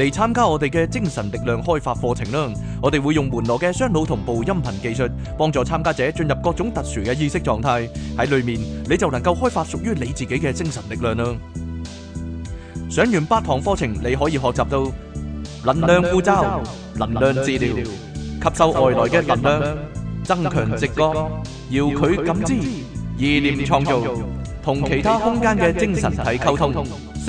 嚟參加我哋嘅精神力量開發課程啦！我哋會用門羅嘅雙腦同步音頻技術，幫助參加者進入各種特殊嘅意識狀態。喺裡面你就能夠開發屬於你自己嘅精神力量啦！上完八堂課程，你可以學習到能量呼召、能量治療、吸收外來嘅能量、增強直覺、遙距感知、意念創造、同其他空間嘅精神體溝通。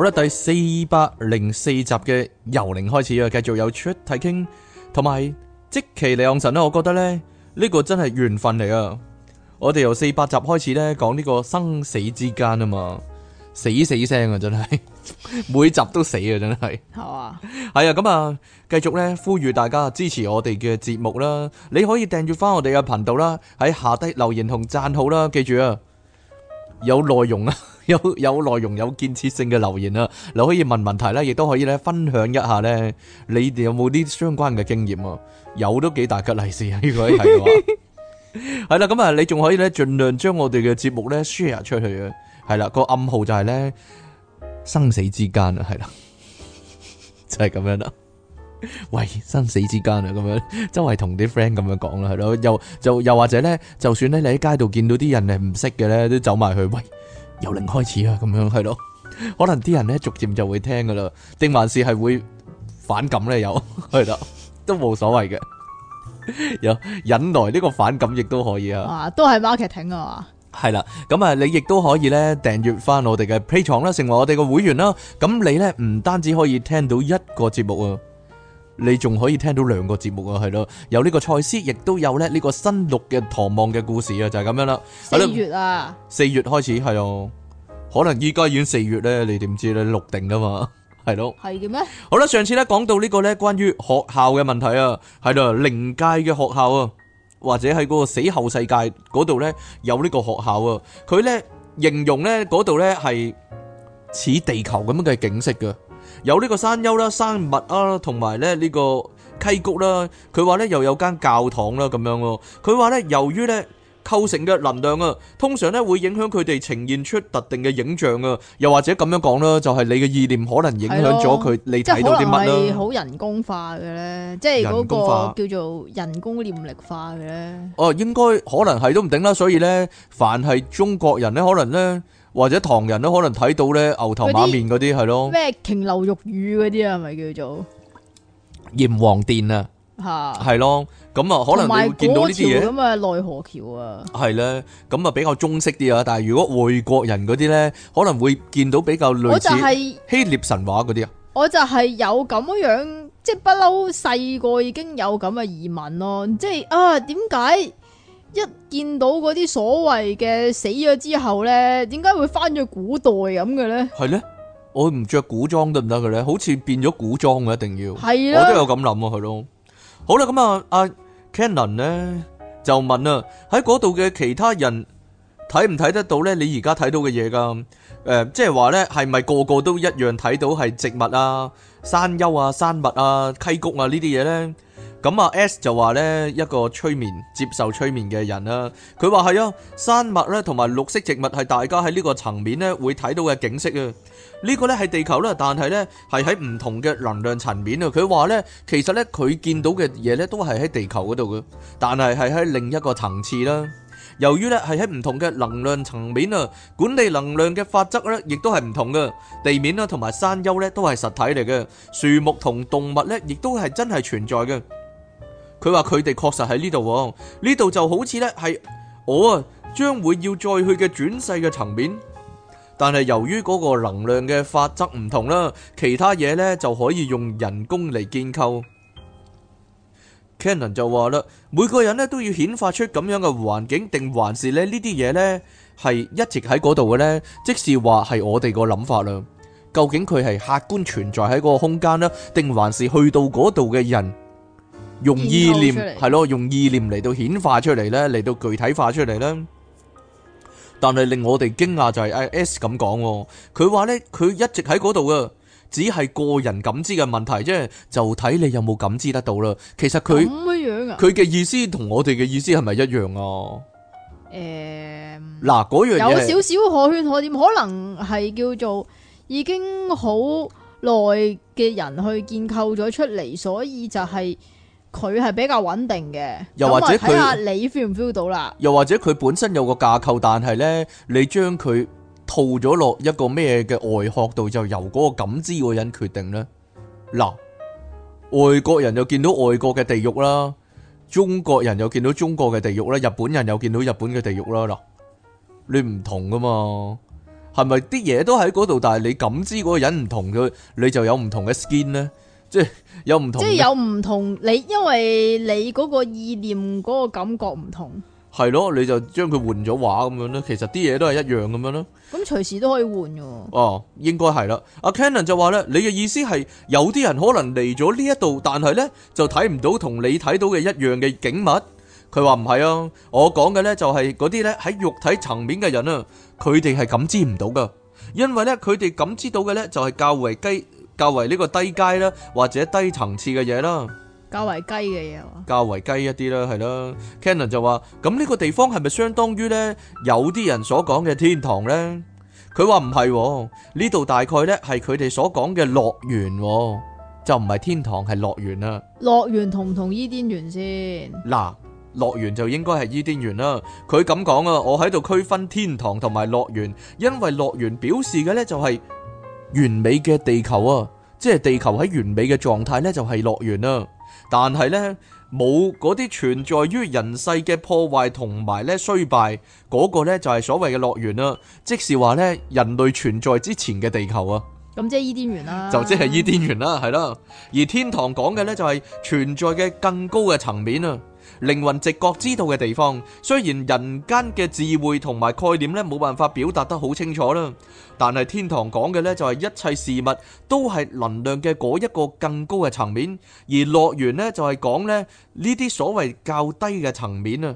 我咧第四百零四集嘅由零開始啊，繼續有出題，傾，同埋即其兩神。臣我覺得咧呢、這個真係緣分嚟啊！我哋由四百集開始咧講呢講個生死之間啊嘛，死死聲啊，真係每集都死好啊，真係係啊，係啊，咁啊，繼續呢，呼籲大家支持我哋嘅節目啦，你可以訂閱翻我哋嘅頻道啦，喺下低留言同讚好啦，記住啊！有內容啊，有有內容，有建設性嘅留言啊，你可以問問題咧，亦都可以咧分享一下咧，你哋有冇啲相關嘅經驗啊？有都幾大吉利事啊，如果係嘅話，係啦，咁啊，你仲可以咧盡量將我哋嘅節目咧 share 出去啊，係啦，個暗號就係咧生死之間啊，係啦，就係咁樣啦。喂，生死之間啊，咁樣周圍同啲 friend 咁樣講啦，係咯，又就又或者咧，就算咧，你喺街度見到啲人係唔識嘅咧，都走埋去喂，由零開始啊，咁樣係咯，可能啲人咧逐漸就會聽噶啦，定還是係會反感咧？又，係啦，都冇所謂嘅 有忍耐呢個反感亦都可以啊。哇，都係 marketing 啊嘛，係啦，咁啊，你亦都可以咧訂閱翻我哋嘅 P a 床啦，成為我哋嘅會員啦。咁你咧唔單止可以聽到一個節目啊。你仲可以聽到兩個節目啊，係咯，有呢個賽斯，亦都有咧呢個新錄嘅《唐望》嘅故事啊，就係咁樣啦。四月啊，四月開始係哦，可能依家已經四月咧，你點知咧？錄定噶嘛，係咯。係嘅咩？好啦，上次咧講到呢個咧關於學校嘅問題啊，係咯，靈界嘅學校啊，或者喺嗰個死後世界嗰度咧有呢個學校啊，佢咧形容咧嗰度咧係似地球咁樣嘅景色嘅。有呢個山丘啦、山脈啊，同埋咧呢個溪谷啦。佢話咧又有間教堂啦咁樣咯。佢話咧由於咧構成嘅能量啊，通常咧會影響佢哋呈現出特定嘅影像啊。又或者咁樣講啦，就係、是、你嘅意念可能影響咗佢，哦、你睇到啲乜啦？好人工化嘅咧？即係嗰個叫做人工念力化嘅咧？哦、呃，應該可能係都唔定啦。所以咧，凡係中國人咧，可能咧。或者唐人都可能睇到咧，牛頭馬面嗰啲係咯，咩瓊樓玉宇嗰啲啊，咪叫做閻王殿啊，吓係咯，咁啊，可能會見到呢啲嘢咁啊，奈何橋啊，係啦，咁啊比較中式啲啊，但係如果外國人嗰啲咧，可能會見到比較類似希臘神話嗰啲啊，我就係有咁樣，即係不嬲細個已經有咁嘅疑問咯，即係啊點解？一見到嗰啲所謂嘅死咗之後咧，點解會返咗古代咁嘅咧？係咧，我唔着古裝得唔得嘅咧？好似變咗古裝嘅，一定要。係啦的，我都有咁諗啊，佢咯。好啦，咁啊，阿 Canon 咧就問啊，喺嗰度嘅其他人睇唔睇得到咧？你而家睇到嘅嘢㗎？誒、就是，即係話咧，係咪個個都一樣睇到係植物啊、山丘啊、山脈啊、溪谷啊呢啲嘢咧？咁啊，S 就話咧一個催眠接受催眠嘅人啦，佢話係啊，山脈咧同埋綠色植物係大家喺呢個層面咧會睇到嘅景色啊。呢個咧係地球啦，但係咧係喺唔同嘅能量層面啊。佢話咧其實咧佢見到嘅嘢咧都係喺地球嗰度噶，但係係喺另一個層次啦。由於咧係喺唔同嘅能量層面啊，管理能量嘅法則咧亦都係唔同噶。地面啦同埋山丘咧都係實體嚟嘅，樹木同動物咧亦都係真係存在嘅。佢話佢哋確實喺呢度，呢度就好似呢，係我啊，將會要再去嘅轉世嘅層面。但係由於嗰個能量嘅法則唔同啦，其他嘢呢就可以用人工嚟建構。Cannon 就話啦，每個人咧都要顯化出咁樣嘅環境，定還是咧呢啲嘢呢係一直喺嗰度嘅呢？即是話係我哋個諗法啦。究竟佢係客觀存在喺個空間呢？定還是去到嗰度嘅人？用意念係咯，哦，用意念嚟到顯化出嚟咧，嚟到具體化出嚟咧。但係令我哋驚訝就係，誒 S 咁講，佢話咧佢一直喺嗰度啊，只係個人感知嘅問題啫，就睇你有冇感知得到啦。其實佢咁樣啊，佢嘅意思同我哋嘅意思係咪一樣啊？誒、欸，嗱，嗰樣有少少可圈可點，可能係叫做已經好耐嘅人去建構咗出嚟，所以就係、是。佢係比較穩定嘅，又或者睇下你 feel 唔 feel 到啦。又或者佢本身有個架構，但係呢，你將佢套咗落一個咩嘅外殼度，就由嗰個感知嗰個人決定呢，嗱，外國人又見到外國嘅地獄啦，中國人又見到中國嘅地獄啦，日本人又見到日本嘅地獄啦。嗱，你唔同噶嘛？係咪啲嘢都喺嗰度，但係你感知嗰個人唔同嘅，你就有唔同嘅 skin 咧。即係有唔同，即係有唔同，你因為你嗰個意念嗰個感覺唔同，係咯，你就將佢換咗畫咁樣咧，其實啲嘢都係一樣咁樣咯。咁隨時都可以換嘅。哦，應該係啦。阿 Canon 就話咧，你嘅意思係有啲人可能嚟咗呢一度，但係咧就睇唔到同你睇到嘅一樣嘅景物。佢話唔係啊，我講嘅咧就係嗰啲咧喺肉體層面嘅人啊，佢哋係感知唔到噶，因為咧佢哋感知到嘅咧就係較為雞。較為呢個低階啦，或者低層次嘅嘢啦，較為雞嘅嘢喎，較為雞一啲啦，係啦。Canon 就話：咁呢個地方係咪相當於呢？有啲人所講嘅天堂呢？哦」佢話唔係，呢度大概呢係佢哋所講嘅樂園，就唔係天堂，係樂園啊！樂園同唔同伊甸園先？嗱，樂園就應該係伊甸園啦。佢咁講啊，我喺度區分天堂同埋樂園，因為樂園表示嘅呢就係、是。完美嘅地球啊，即係地球喺完美嘅狀態呢，就係樂園啊。但係呢，冇嗰啲存在於人世嘅破壞同埋呢衰敗，嗰、嗰個呢，就係所謂嘅樂園啊，即是話呢人類存在之前嘅地球啊，咁即係伊甸園啦，就即係伊甸園啦，係啦。而天堂講嘅呢，就係存在嘅更高嘅層面啊。靈魂直覺知道嘅地方，雖然人間嘅智慧同埋概念咧冇辦法表達得好清楚啦，但係天堂講嘅咧就係一切事物都係能量嘅嗰一個更高嘅層面，而樂園咧就係講咧呢啲所謂較低嘅層面啦。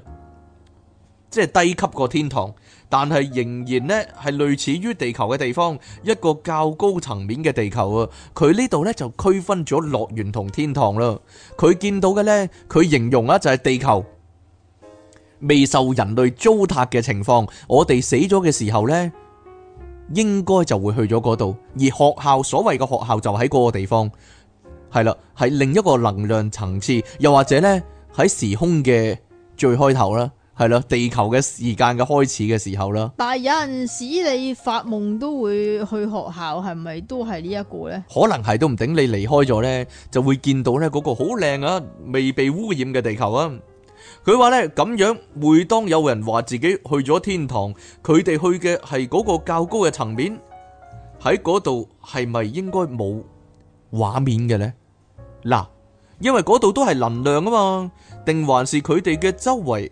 即係低級過天堂，但係仍然呢係類似於地球嘅地方，一個較高層面嘅地球啊！佢呢度呢就區分咗樂園同天堂啦。佢見到嘅呢，佢形容呢就係地球未受人類糟蹋嘅情況。我哋死咗嘅時候呢，應該就會去咗嗰度。而學校所謂嘅學校就喺嗰個地方，係啦，係另一個能量層次，又或者呢，喺時空嘅最開頭啦。係咯，地球嘅時間嘅開始嘅時候啦。但係有陣時你發夢都會去學校，係咪都係呢一個呢？可能係都唔定，你離開咗呢，就會見到呢嗰個好靚啊，未被污染嘅地球啊。佢話呢，咁樣，每當有人話自己去咗天堂，佢哋去嘅係嗰個較高嘅層面，喺嗰度係咪應該冇畫面嘅呢？嗱，因為嗰度都係能量啊嘛，定還是佢哋嘅周圍？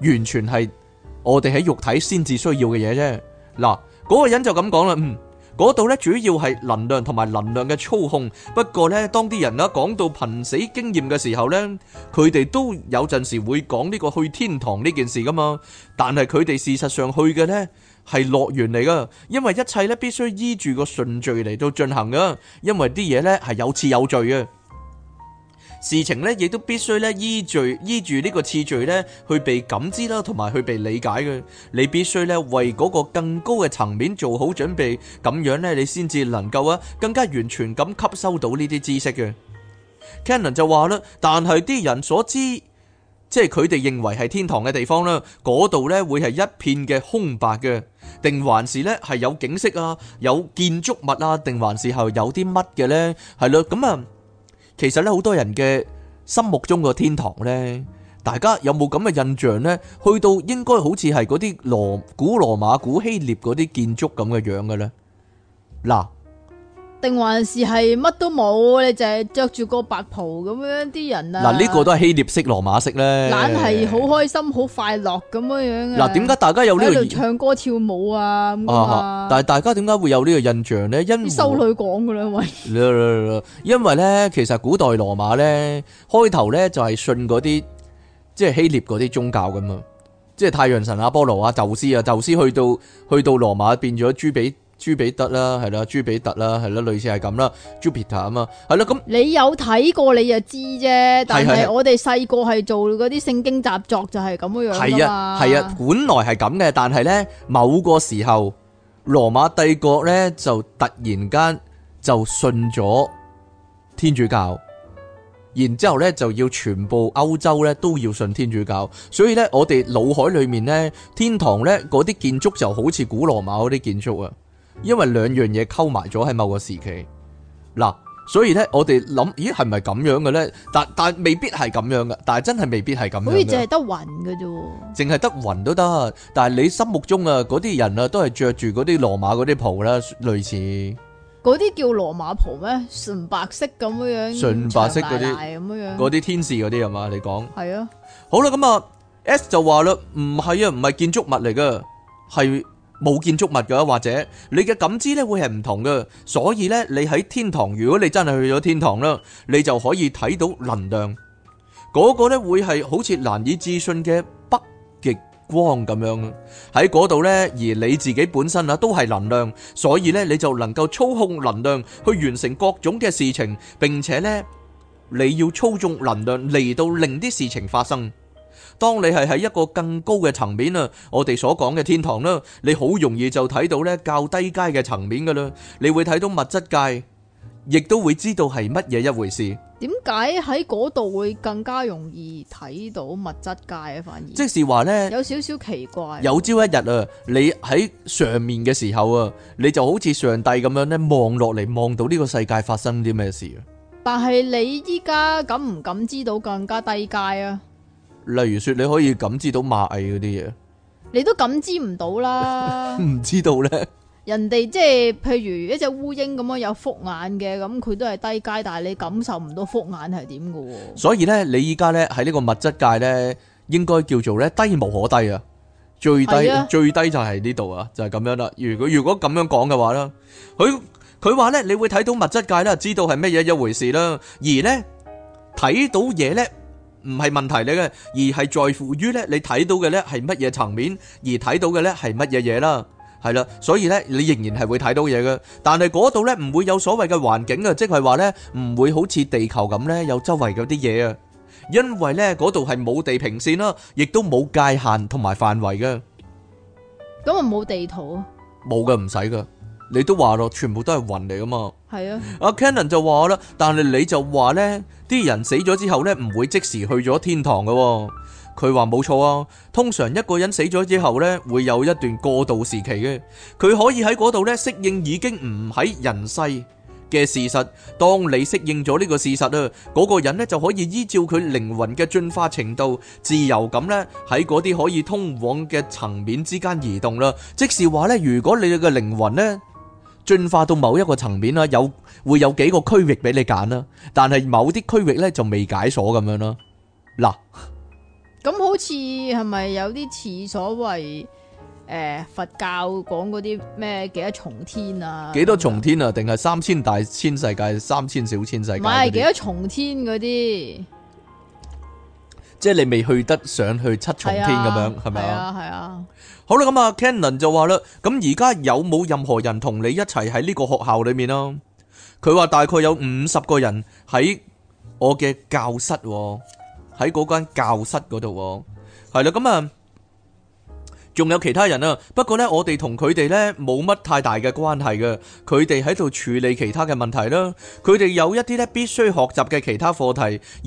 完全係我哋喺肉體先至需要嘅嘢啫。嗱，嗰、那個人就咁講啦，嗯，嗰度呢，主要係能量同埋能量嘅操控。不過呢，當啲人啦講到瀕死經驗嘅時候呢，佢哋都有陣時會講呢個去天堂呢件事噶嘛。但係佢哋事實上去嘅呢，係樂園嚟噶，因為一切呢必須依住個順序嚟到進行噶，因為啲嘢呢係有次有序嘅。事情咧，亦都必須咧依序依住呢個次序咧去被感知啦，同埋去被理解嘅。你必須咧為嗰個更高嘅層面做好準備，咁樣咧你先至能夠啊更加完全咁吸收到呢啲知識嘅。Cannon 就話啦，但係啲人所知，即係佢哋認為係天堂嘅地方啦，嗰度咧會係一片嘅空白嘅，定還是咧係有景色啊、有建築物啊，定還是係有啲乜嘅咧？係咯，咁啊。其實咧，好多人嘅心目中個天堂呢，大家有冇咁嘅印象呢？去到應該好似係嗰啲羅古羅馬、古希臘嗰啲建築咁嘅樣嘅呢？嗱。定還是係乜都冇，你就係着住個白袍咁樣啲人啊！嗱，呢、這個都係希臘式羅馬式咧，懶係好開心好快樂咁樣樣嗱，點解大家有呢、這個喺度唱歌跳舞啊？啊,啊,啊但係大家點解會有呢個印象咧？因修女講噶啦，喂因為咧，其實古代羅馬咧開頭咧就係信嗰啲、嗯、即係希臘嗰啲宗教咁啊，即係太陽神阿波羅啊、宙斯啊、宙斯,斯去到去到羅馬變咗朱比。朱比特啦，係啦，朱比特啦，係啦，類似係咁啦，Jupiter 啊嘛，係啦咁。你有睇過你就知啫，的但係我哋細個係做嗰啲聖經習作就係咁樣噶嘛。係啊，係啊，本來係咁嘅，但係咧，某個時候羅馬帝國咧就突然間就信咗天主教，然之後咧就要全部歐洲咧都要信天主教，所以咧我哋腦海裏面咧天堂咧嗰啲建築就好似古羅馬嗰啲建築啊。因為兩樣嘢溝埋咗喺某個時期，嗱，所以咧我哋諗，咦係咪咁樣嘅咧？但但未必係咁樣嘅，但係真係未必係咁樣。好似淨係得雲嘅啫，淨係得雲都得。但係你心目中啊，嗰啲人啊都係着住嗰啲羅馬嗰啲袍啦，類似嗰啲叫羅馬袍咩？純白色咁樣樣，純白色嗰啲咁樣樣，嗰啲天使嗰啲係嘛？你講係啊。好啦，咁啊 S 就話啦，唔係啊，唔係建築物嚟嘅，係。冇建築物㗎，或者你嘅感知呢會係唔同嘅，所以呢，你喺天堂，如果你真係去咗天堂啦，你就可以睇到能量，嗰、嗰個呢，會係好似難以置信嘅北極光咁樣喺嗰度呢。而你自己本身啊都係能量，所以呢，你就能夠操控能量去完成各種嘅事情，並且呢，你要操縱能量嚟到令啲事情發生。當你係喺一個更高嘅層面啊，我哋所講嘅天堂啦，你好容易就睇到咧較低階嘅層面噶啦，你會睇到物質界，亦都會知道係乜嘢一回事。點解喺嗰度會更加容易睇到物質界啊？反而即係話呢，有少少奇怪。有朝一日啊，你喺上面嘅時候啊，你就好似上帝咁樣咧望落嚟，望到呢個世界發生啲咩事啊？但係你依家敢唔敢知道更加低階啊？例如說，你可以感知到螞蟻嗰啲嘢，你都感知唔到啦。唔 知道咧，人哋即係譬如一隻烏蠅咁樣有複眼嘅，咁佢都係低階，但係你感受唔到複眼係點嘅。所以咧，你依家咧喺呢個物質界咧，應該叫做咧低無可低啊，最低，啊，最低就係呢度啊，就係、是、咁樣啦。如果如果咁樣講嘅話啦，佢佢話咧，你會睇到物質界啦，知道係乜嘢一回事啦，而咧睇到嘢咧。唔係問題嚟嘅，而係在乎於咧你睇到嘅咧係乜嘢層面，而睇到嘅咧係乜嘢嘢啦，係啦，所以咧你仍然係會睇到嘢嘅，但係嗰度咧唔會有所謂嘅環境啊，即係話咧唔會好似地球咁咧有周圍嗰啲嘢啊，因為咧嗰度係冇地平線啦，亦都冇界限同埋範圍嘅。咁啊冇地圖啊？冇嘅，唔使噶，你都話咯，全部都係雲嚟噶嘛。係啊。阿 Canon 就話啦，但係你就話咧。啲人死咗之後呢，唔會即時去咗天堂噶喎。佢話冇錯啊，通常一個人死咗之後呢，會有一段過渡時期嘅。佢可以喺嗰度呢適應已經唔喺人世嘅事實。當你適應咗呢個事實啊，嗰個人呢就可以依照佢靈魂嘅進化程度，自由咁呢，喺嗰啲可以通往嘅層面之間移動啦。即是話呢，如果你嘅靈魂呢。進化到某一個層面啦，有會有幾個區域俾你揀啦，但係某啲區域呢，就未解鎖咁樣啦。嗱，咁好似係咪有啲似所謂、呃、佛教講嗰啲咩幾多重天啊？幾多重天啊？定係三千大千世界、三千小千世界？唔係幾多重天嗰啲？即係你未去得上去七重天咁樣，係咪啊？係吧啊。好啦，咁啊，Canon 就話啦，咁而家有冇任何人同你一齊喺呢個學校裏面啊？佢話大概有五十個人喺我嘅教室，喺嗰間教室嗰度。係啦，咁、嗯、啊，仲有其他人啊，不過呢，我哋同佢哋呢冇乜太大嘅關係嘅，佢哋喺度處理其他嘅問題啦。佢哋有一啲咧必須學習嘅其他課題，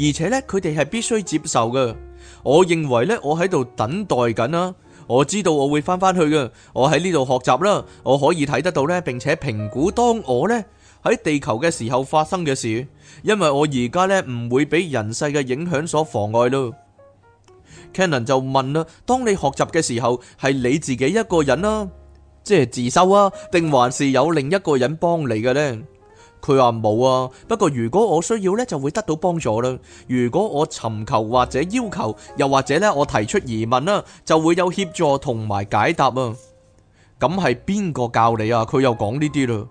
而且呢，佢哋係必須接受嘅。我認為呢，我喺度等待緊啊。我知道我會翻返去嘅，我喺呢度學習啦，我可以睇得到呢，並且評估當我呢喺地球嘅時候發生嘅事，因為我而家呢唔會俾人世嘅影響所妨礙咯。Cannon 就問啦，「當你學習嘅時候係你自己一個人啊，即係自修啊，定還是有另一個人幫你嘅呢？」佢話冇啊，不過如果我需要呢，就會得到幫助啦。如果我尋求或者要求，又或者呢，我提出疑問啦、啊，就會有協助同埋解答啊。咁係邊個教你啊？佢又講呢啲啦。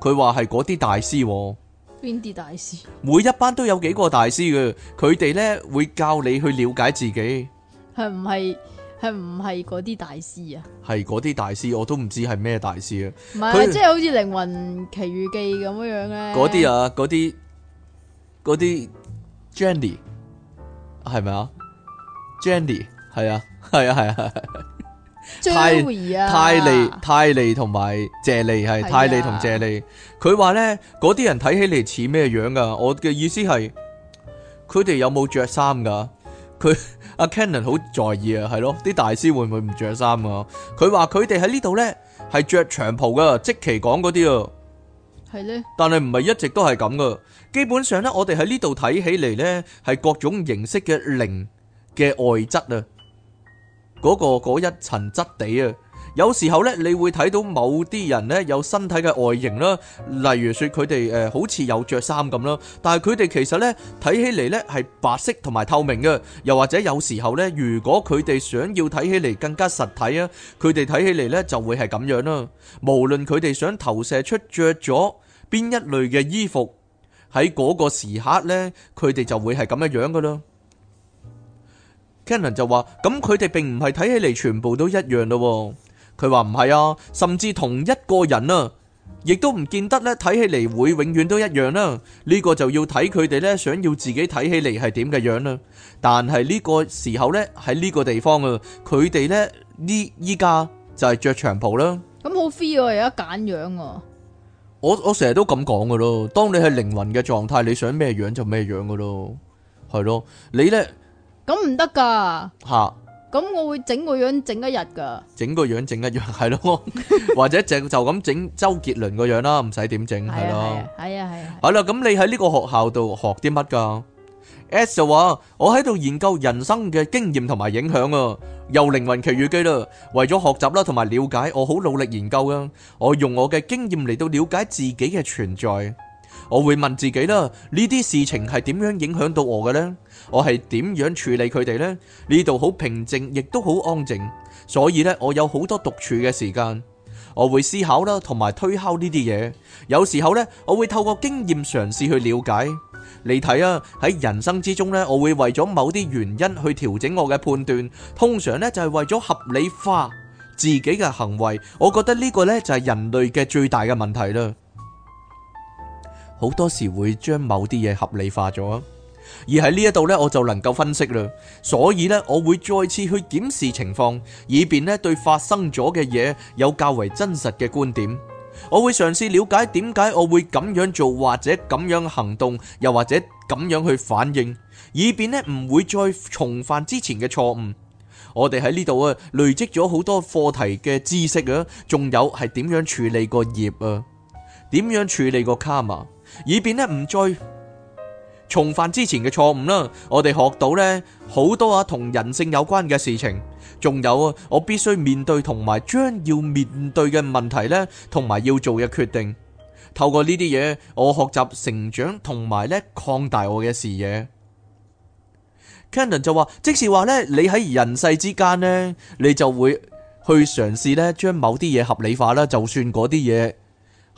佢話係嗰啲大師喎。邊啲大師？每一班都有幾個大師嘅，佢哋呢會教你去了解自己。係唔係？係唔係嗰啲大師啊？係嗰啲大師，我都唔知係咩大師啊！唔係是，即係他好似《靈魂奇遇記》咁樣樣咧。嗰啲啊，嗰啲嗰啲 Jenny 係咪啊？Jenny 係啊，係啊，係啊， 啊泰，泰利啊，泰利，泰利同埋謝利係泰利同謝利。佢話咧，嗰啲、啊、人睇起嚟似咩樣噶？我嘅意思係，佢哋有冇着衫噶？佢。 阿 Kenan 好在意啊，係咯，啲大師會唔會唔着衫啊？佢話佢哋喺呢度呢係着長袍噶，即期講嗰啲啊。係呢？但係唔係一直都係咁噶？基本上呢，我哋喺呢度睇起嚟呢係各種形式嘅靈嘅外質啊，嗰、嗰個嗰一層質地啊。有時候咧，你會睇到某啲人咧有身體嘅外形啦，例如説佢哋誒好似有着衫咁啦，但係佢哋其實咧睇起嚟咧係白色同埋透明嘅，又或者有時候咧，如果佢哋想要睇起嚟更加實體啊，佢哋睇起嚟咧就會係咁樣啦。無論佢哋想投射出着咗邊一類嘅衣服，喺嗰個時刻咧，佢哋就會係咁樣樣噶啦。Canon 就話：咁佢哋並唔係睇起嚟全部都一樣咯。佢話唔係啊，甚至同一個人啊，亦都唔見得咧。睇起嚟會永遠都一樣啦。呢個就要睇佢哋咧，想要自己睇起嚟係點嘅樣啦。但係呢個時候咧，喺呢個地方啊，佢哋咧呢依家就係着長袍啦。咁好 free 啊，有得揀樣啊！我我成日都咁講噶咯。當你係靈魂嘅狀態，你想咩樣就咩樣噶咯，係咯，你咧咁唔得噶吓。咁我會整個樣整一日噶，整個樣整一樣係咯，或者就就咁整周杰倫個樣啦，唔使點整係咯，係啊係啊，係啦。咁你喺呢個學校度學啲乜噶？S 就話我喺度研究人生嘅經驗同埋影響啊，又靈魂奇遇記啦，為咗學習啦同埋了解，我好努力研究啊，我用我嘅經驗嚟到了解自己嘅存在，我會問自己啦，呢啲事情係點樣影響到我嘅呢？我係點樣處理佢哋呢？呢度好平靜，亦都好安靜，所以咧我有好多獨處嘅時間，我會思考啦，同埋推敲呢啲嘢。有時候呢，我會透過經驗嘗試去了解。你睇啊，喺人生之中呢，我會為咗某啲原因去調整我嘅判斷，通常呢，就係為咗合理化自己嘅行為。我覺得呢個呢，就係人類嘅最大嘅問題啦。好多時會將某啲嘢合理化咗。而喺呢一度咧，我就能夠分析啦。所以咧，我會再次去檢視情況，以便咧對發生咗嘅嘢有較為真實嘅觀點。我會嘗試了解點解我會咁樣做，或者咁樣行動，又或者咁樣去反應，以便咧唔會再重犯之前嘅錯誤。我哋喺呢度啊，累積咗好多課題嘅知識啊，仲有係點樣處理個業啊，點樣處理個卡嘛，以便咧唔再。重犯之前嘅錯誤啦，我哋學到呢好多啊，同人性有關嘅事情，仲有啊我必須面對同埋將要面對嘅問題呢，同埋要做嘅決定。透過呢啲嘢，我學習成長同埋呢擴大我嘅視野。Cannon 就話，即是話呢，你喺人世之間呢，你就會去嘗試呢將某啲嘢合理化啦，就算嗰啲嘢。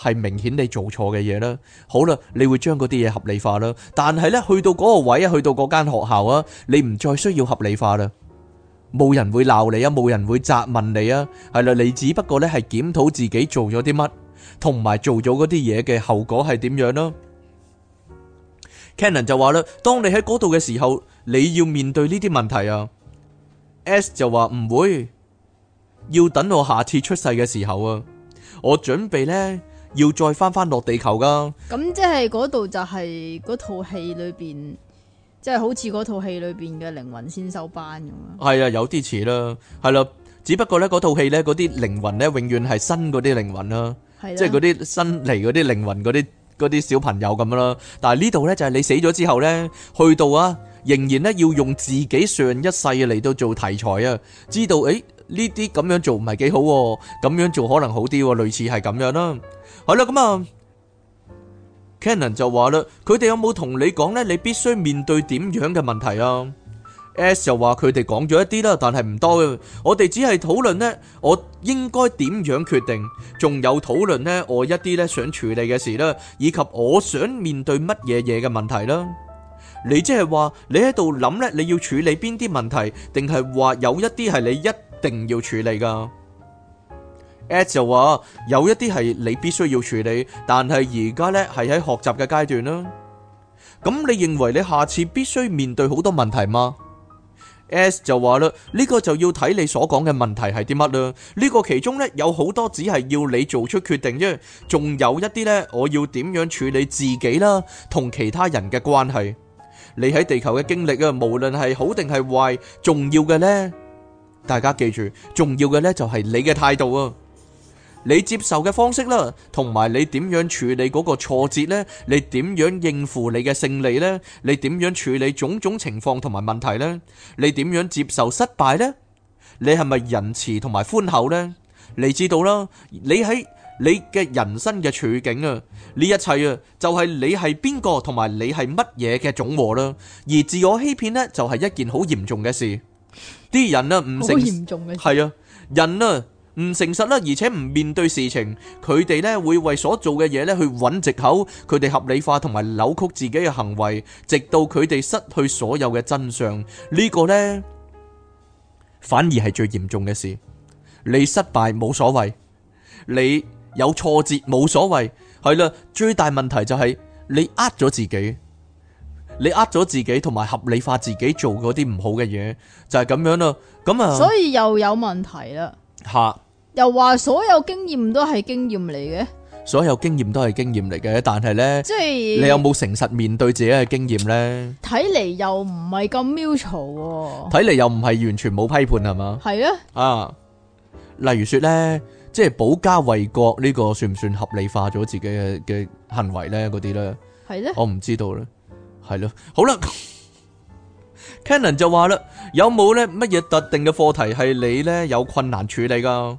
係明顯你做錯嘅嘢啦，好啦，你會將嗰啲嘢合理化啦，但係呢去到嗰個位啊，去到嗰間學校啊，你唔再需要合理化啦，冇人會鬧你啊，冇人會責問你啊，係啦，你只不過呢係檢討自己做咗啲乜，同埋做咗嗰啲嘢嘅後果係點樣囉。Cannon 就話啦，當你喺嗰度嘅時候，你要面對呢啲問題啊。S 就話唔會，要等我下次出世嘅時候啊，我準備呢。要再返返落地球㗎，咁即係嗰度就係嗰套戲裏邊，即、就、係、是、好似嗰套戲裏邊嘅靈魂先修班咁啊。係啊，有啲似啦，係啦、啊。只不過咧，嗰套戲咧，嗰啲靈魂咧，永遠係新嗰啲靈魂啦，即係嗰啲新嚟嗰啲靈魂嗰啲嗰啲小朋友咁啦。但係呢度咧，就係、是、你死咗之後咧，去到啊，仍然咧要用自己上一世嚟到做題材啊。知道誒，呢啲咁樣做唔係幾好、啊，咁樣做可能好啲、啊，類似係咁樣啦、啊。係啦，咁啊，Cannon 就話啦，佢哋有冇同你講呢？你必須面對點樣嘅問題啊？S 就話佢哋講咗一啲啦，但係唔多嘅。我哋只係討論呢，我應該點樣決定？仲有討論呢，我一啲呢想處理嘅事啦，以及我想面對乜嘢嘢嘅問題啦。你即係話你喺度諗呢，你要處理邊啲問題？定係話有一啲係你一定要處理噶？S 就話有一啲係你必須要處理，但係而家咧係喺學習嘅階段啦。咁你認為你下次必須面對好多問題嗎？S 就話啦，呢個就要睇你所講嘅問題係啲乜啦。呢個其中咧有好多只係要你做出決定啫，仲有一啲咧，我要點樣處理自己啦，同其他人嘅關係。你喺地球嘅經歷啊，無論係好定係壞，重要嘅咧，大家記住，重要嘅咧就係你嘅態度啊。你接受嘅方式啦，同埋你點樣處理嗰個挫折咧？你點樣應付你嘅勝利咧？你點樣處理種種情況同埋問題咧？你點樣接受失敗咧？你係咪仁慈同埋寬厚咧？你知道啦，你喺你嘅人生嘅處境啊，呢一切啊，就係你係邊個同埋你係乜嘢嘅總和啦。而自我欺騙咧，就係一件好嚴重嘅事。啲人啊，唔成，係啊，人啊。唔誠實啦，而且唔面對事情，佢哋呢，會為所做嘅嘢呢去揾藉口。佢哋合理化同埋扭曲自己嘅行為，直到佢哋失去所有嘅真相。呢個呢，反而係最嚴重嘅事。你失敗冇所謂，你有挫折冇所謂，係啦，最大問題就係你呃咗自己，你呃咗自己同埋合理化自己做嗰啲唔好嘅嘢，就係咁樣啦。咁啊，所以又有問題啦。吓，又話所有經驗都係經驗嚟嘅，所有經驗都係經驗嚟嘅，但係咧，即係你有冇誠實面對自己嘅經驗咧？睇嚟又唔係咁 neutral，睇嚟又唔係完全冇批判係嘛？係咧，啊，例如說咧，即係保家衛國呢個算唔算合理化咗自己嘅嘅行為咧？嗰啲咧，係咧，我唔知道啦，係咯，好啦。Kenen 就話啦，有冇咧乜嘢特定嘅課題係你咧有困難處理噶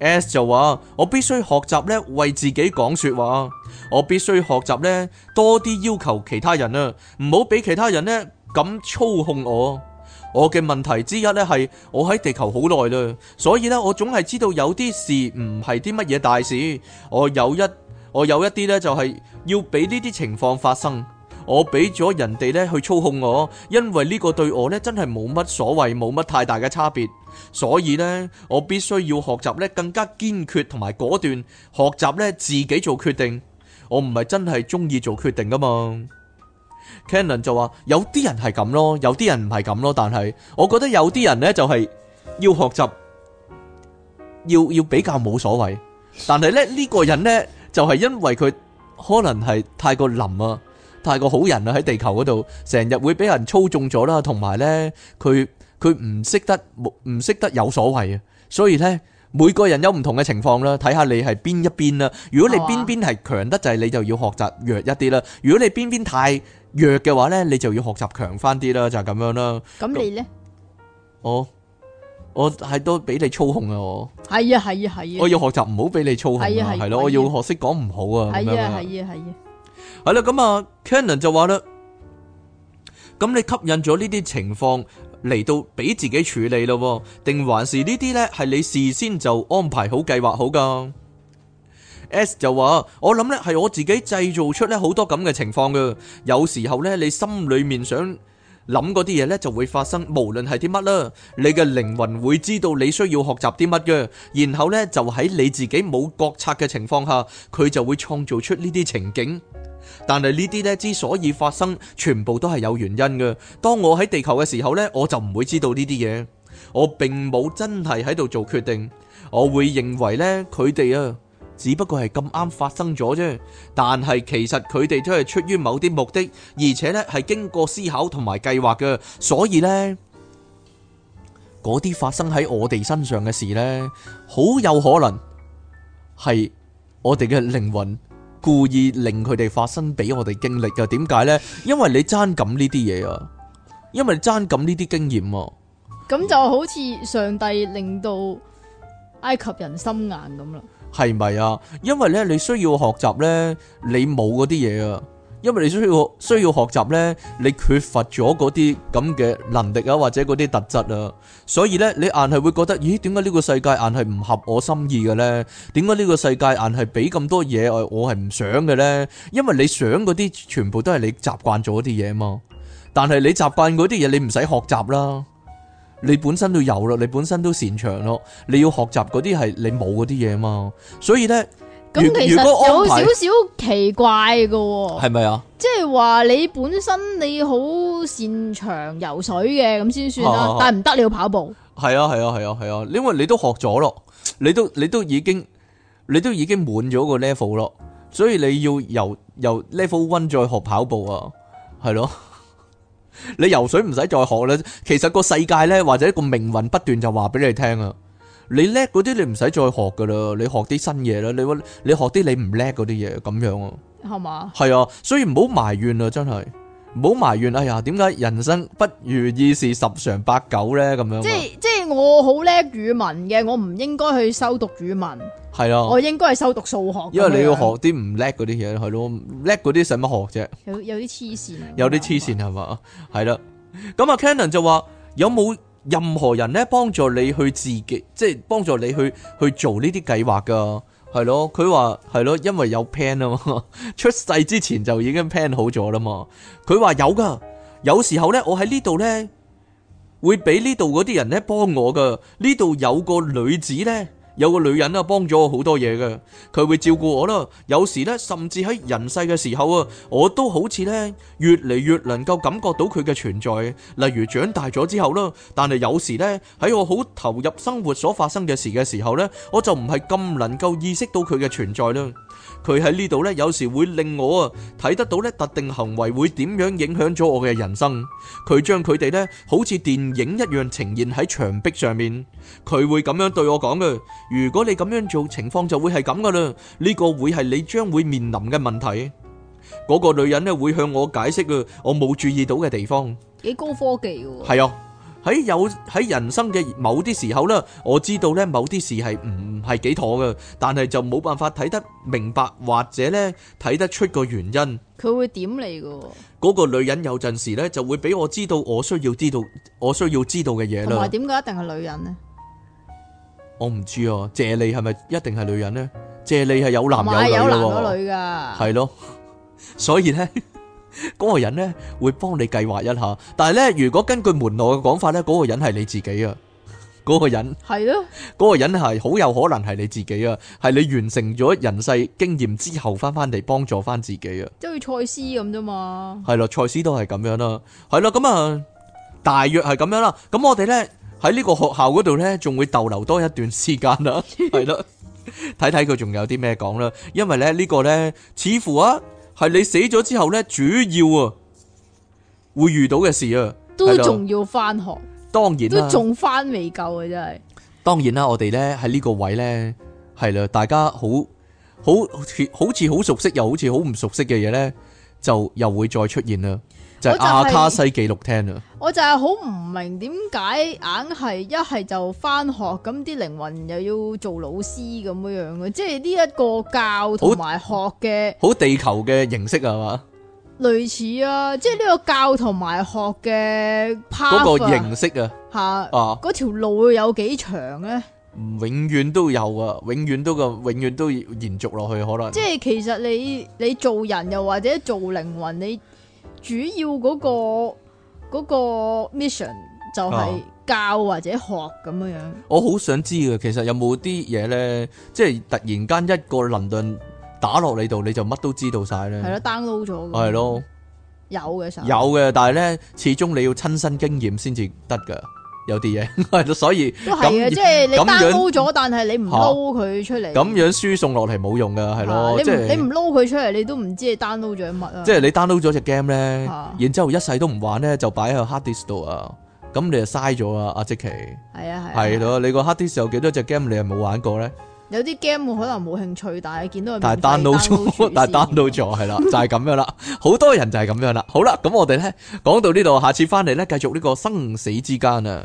？S 就話：我必須學習咧為自己講說話，我必須學習咧多啲要求其他人啊，唔好俾其他人咧咁操控我。我嘅問題之一咧係我喺地球好耐啦，所以呢，我總係知道有啲事唔係啲乜嘢大事。我有一我有一啲呢，就係要俾呢啲情況發生。我俾咗人哋咧去操控我，因為呢個對我咧真係冇乜所謂，冇乜太大嘅差別，所以呢，我必須要學習咧更加堅決同埋果斷，學習咧自己做決定。我唔係真係中意做決定噶嘛。Cannon 就話有啲人係咁咯，有啲人唔係咁咯，但係我覺得有啲人呢，就係要學習，要要比較冇所謂，但係咧呢個人呢，就係因為佢可能係太過腍啊。太過好人啦，喺地球嗰度成日會俾人操縱咗啦，同埋呢佢佢唔識得唔識得有所謂啊，所以呢每個人有唔同嘅情況啦，睇下你係邊一邊啦。如果你邊邊係強得滯你就要學習弱一啲啦，如果你邊邊太弱嘅話呢，你就要學習強翻啲啦，就係咁樣啦。咁你呢？我我係都俾你操控啊！我係啊係啊係啊！我要學習唔好俾你操控啊！係咯，我要學識講唔好啊！係啊係啊係啊！係啦，咁啊，Canon 就話啦，咁你吸引咗呢啲情況嚟到俾自己處理咯，定還是呢啲呢？係你事先就安排好計劃好噶？S 就話我諗呢係我自己製造出呢好多咁嘅情況噶，有時候呢，你心裏面想諗嗰啲嘢呢，就會發生，無論係啲乜啦，你嘅靈魂會知道你需要學習啲乜嘅，然後呢，就喺你自己冇覺察嘅情況下，佢就會創造出呢啲情景。但係呢啲呢，之所以發生，全部都係有原因嘅。當我喺地球嘅時候呢，我就唔會知道呢啲嘢，我並冇真係喺度做決定。我會認為呢，佢哋啊，只不過係咁啱發生咗啫。但係其實佢哋都係出於某啲目的，而且呢係經過思考同埋計劃嘅。所以呢，嗰啲發生喺我哋身上嘅事呢，好有可能係我哋嘅靈魂。故意令佢哋發生俾我哋經歷噶，點解呢？因為你爭咁呢啲嘢啊，因為你爭咁呢啲經驗啊，咁就好似上帝令到埃及人心硬咁啦，係咪啊？因為呢，你需要學習呢，你冇嗰啲嘢啊。因為你需要需要學習呢，你缺乏咗嗰啲咁嘅能力啊，或者嗰啲特質啊，所以呢，你硬係會覺得，咦？點解呢個世界硬係唔合我心意嘅呢？點解呢個世界硬係俾咁多嘢我，我係唔想嘅呢？因為你想嗰啲全部都係你習慣咗啲嘢嘛，但係你習慣嗰啲嘢，你唔使學習啦，你本身都有啦，你本身都擅長咯，你要學習嗰啲係你冇嗰啲嘢嘛，所以呢。咁其實有少少奇怪㗎，係咪啊？即係話你本身你好擅長游水嘅，咁先算啦。啊啊、但係唔得，你要跑步。係啊係啊係啊係啊，因為你都學咗咯，你都你都已經你都已經滿咗個 level 咯，所以你要由由 level one 再學跑步啊，係咯。 你游水唔使再學咧，其實個世界咧或者個命運不斷就話俾你聽啊。你叻嗰啲你唔使再學噶啦，你學啲新嘢啦，你揾你學啲你唔叻嗰啲嘢咁樣啊，係嘛？係啊，所以唔好埋怨啊，真係唔好埋怨。哎呀，點解人生不如意事十常八九咧？咁樣即係即係我好叻語文嘅，我唔應該去修讀語文，係啊，我應該係修讀數學。因為你要學啲唔叻嗰啲嘢，係咯，叻嗰啲使乜學啫？有有啲黐線，有啲黐線，係嘛？係啦，咁啊，Canon 就話有冇？任何人咧，幫助你去自己，即係幫助你去去做呢啲計劃噶，係咯？佢話係咯，因為有 plan 啊嘛，出世之前就已經 plan 好咗啦嘛。佢話有噶，有時候咧，我喺呢度咧會俾呢度嗰啲人咧幫我噶，呢度有個女子咧。有個女人啊，幫咗我好多嘢嘅，佢會照顧我啦。有時咧，甚至喺人世嘅時候啊，我都好似咧越嚟越能夠感覺到佢嘅存在。例如長大咗之後啦，但係有時咧喺我好投入生活所發生嘅事嘅時候咧，我就唔係咁能夠意識到佢嘅存在啦。佢喺呢度呢，有時會令我啊睇得到呢特定行為會點樣影響咗我嘅人生。佢將佢哋呢好似電影一樣呈現喺牆壁上面。佢會咁樣對我講嘅：如果你咁樣做，情況就會係咁噶啦。呢個會係你將會面臨嘅問題。嗰個女人呢會向我解釋嘅，我冇注意到嘅地方。幾高科技喎！係啊。喺有喺人生嘅某啲時候咧，我知道咧某啲事係唔係幾妥嘅，但係就冇辦法睇得明白或者咧睇得出個原因。佢會點你嘅？嗰個女人有陣時咧就會俾我知道我需要知道我需要知道嘅嘢啦。同埋點解一定係女人咧？我唔知啊，謝麗係咪一定係女人咧？謝麗係有男有女咯，係咯，所以咧。嗰個人咧會幫你計劃一下，但係咧如果根據門內嘅講法咧，嗰個人係你自己啊，嗰個人係咯，嗰個人係好有可能係你自己啊，係你完成咗人世經驗之後，翻翻地幫助翻自己啊，即係賽斯咁啫嘛，係咯，賽斯都係咁樣啦，係咯，咁啊大約係咁樣啦，咁我哋咧喺呢個學校嗰度咧，仲會逗留多一段時間啦，係咯，睇睇佢仲有啲咩講啦，因為咧呢個咧似乎啊。係你死咗之後咧，主要啊會遇到嘅事啊，都仲要返學，當然都仲返未夠啊，真係。當然啦，我哋咧喺呢個位咧，係啦，大家好好好似好熟悉，又好似好唔熟悉嘅嘢咧，就又會再出現啦。就阿卡西記錄聽啦，我就係好唔明點解硬係一係就返學，咁啲靈魂又要做老師咁樣樣嘅，即係呢一個教同埋學嘅，好地球嘅形式係嘛？類似啊，即係呢個教同埋學嘅 path，嗰個形式啊，吓啊，嗰條路有幾長咧？永遠都有啊，永遠都個，永遠都延續落去，可能。即係其實你你做人又或者做靈魂你。主要嗰、嗰個嗰個 mission 就係教或者學咁、啊、樣。我好想知嘅，其實有冇啲嘢咧，即係突然間一個能量打落你度，你就乜都知道晒咧？係咯，download 咗。係咯，有嘅時候有嘅，但係咧，始終你要親身經驗先至得嘅。有啲嘢，係咯，所以即咁你 download 咗，但係你唔 load 佢出嚟，咁樣輸送落嚟冇用噶係咯，你唔 load 佢出嚟，你都唔知你 download 咗乜啊。即係你 download 咗隻 game 咧，然之後一世都唔玩咧，就擺喺個 hard disk 度啊，咁你就嘥咗啊，阿即奇。係啊係。係咯，你個 hard disk 有幾多隻 game 你又冇玩過咧？有啲 game 可能冇興趣，但係見到但係 download 咗，但係 download 咗係啦，就係咁樣啦。好多人就係咁樣啦。好啦，咁我哋咧講到呢度，下次翻嚟咧繼續呢個生死之間啊。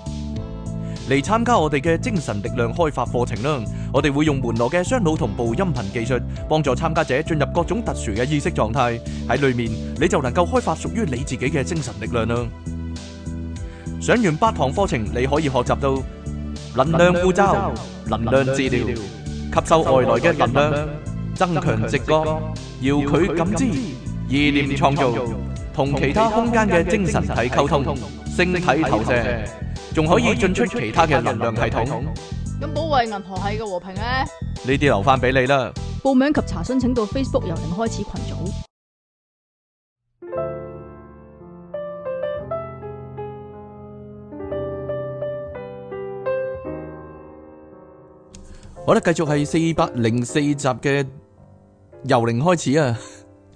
嚟參加我哋嘅精神力量開發課程啦！我哋會用門羅嘅雙腦同步音頻技術，幫助參加者進入各種特殊嘅意識狀態。喺裡面你就能夠開發屬於你自己嘅精神力量啦！上完八堂課程，你可以學習到能量護罩、能量治療、吸收外來嘅能量、增強直覺、遙距感知、意念創造、同其他空間嘅精神體溝通。晶體投射，仲可以進出其他嘅能量系統。咁、嗯、保衛銀河系嘅和平咧？呢啲留翻俾你啦。報名及查詢，請到 Facebook《由零開始》群組。好啦，繼續係四百零四集嘅《由零開始》啊。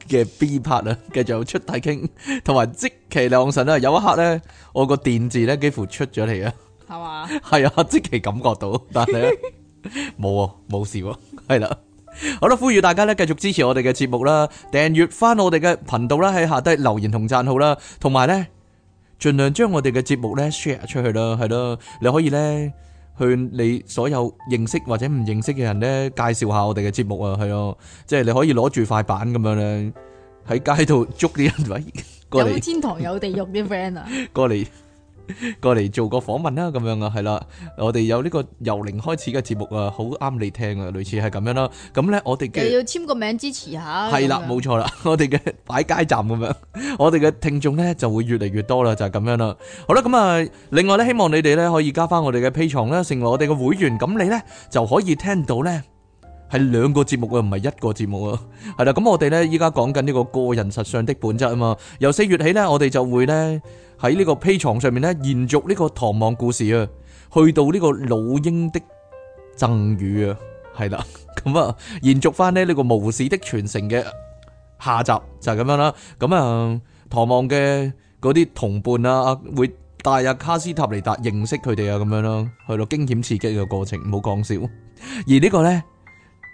嘅 B part 啦，繼續出大傾，同埋即其亮神啊！有一刻咧，我個電字咧幾乎出咗嚟啊，係嘛吧？係 啊，即其感覺到，但係冇啊，冇 事喎，係啦。好啦，呼籲大家咧繼續支持我哋嘅節目啦，訂閱翻我哋嘅頻道啦，喺下低留言同讚好啦，同埋咧盡量將我哋嘅節目咧 share 出去啦，係咯，你可以咧。去你所有認識或者唔認識嘅人咧，介紹下我哋嘅節目啊，係咯，即係你可以攞住塊板咁樣咧，喺街度捉啲人，喂，有天堂有地獄啲 friend 啊，過嚟。過嚟做個訪問啦，咁樣啊，係啦，我哋有呢個由零開始嘅節目啊，好啱你聽啊，類似係咁樣啦。咁咧，我哋嘅要簽個名支持下，係啦，冇錯啦，我哋嘅擺街站咁樣，我哋嘅聽眾咧就會越嚟越多啦，就係咁樣啦。好啦，咁啊，另外咧，希望你哋咧可以加翻我哋嘅 Patreon 啦，成為我哋嘅會員，咁你咧就可以聽到咧係兩個節目啊，唔係一個節目啊，係啦，咁我哋咧依家講緊呢個個人實相的本質啊嘛，由四月起咧，我哋就會咧。喺呢個披床上面咧，延續呢個唐望故事啊，去到呢個老鷹的贈予啊，係啦，咁 啊、嗯、延續翻咧呢個巫士的傳承嘅下集就係、是、咁樣啦，咁啊唐望嘅嗰啲同伴啊，會帶入、啊、卡斯塔尼達認識佢哋啊，咁樣咯，去到驚險刺激嘅過程，唔好講笑，而個呢個咧。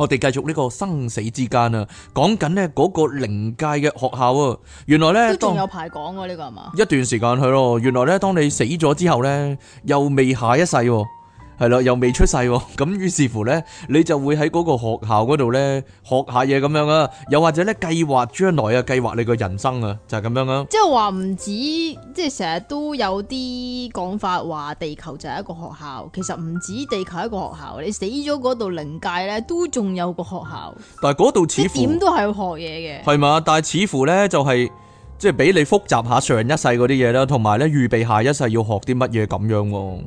我哋繼續呢個生死之間啊，講緊呢嗰個靈界嘅學校啊，原來呢，當都仲有排講嘅呢個係咪？一段時間去咯，原來呢，當你死咗之後呢，又未下一世，係咯，又未出世喎，咁於是乎呢，你就會喺嗰個學校嗰度呢學下嘢咁樣啊，又或者咧計劃將來啊，計劃你個人生啊，就係、是、咁樣啊。即係話唔止，即係成日都有啲講法話地球就係一個學校，其實唔止地球一個學校，你死咗嗰度靈界呢都仲有個學校。但係嗰度似乎即係點都係要學嘢嘅。係嘛，但係似乎呢、就是，就係即係俾你複習下上一世嗰啲嘢啦，同埋呢預備下一世要學啲乜嘢咁樣。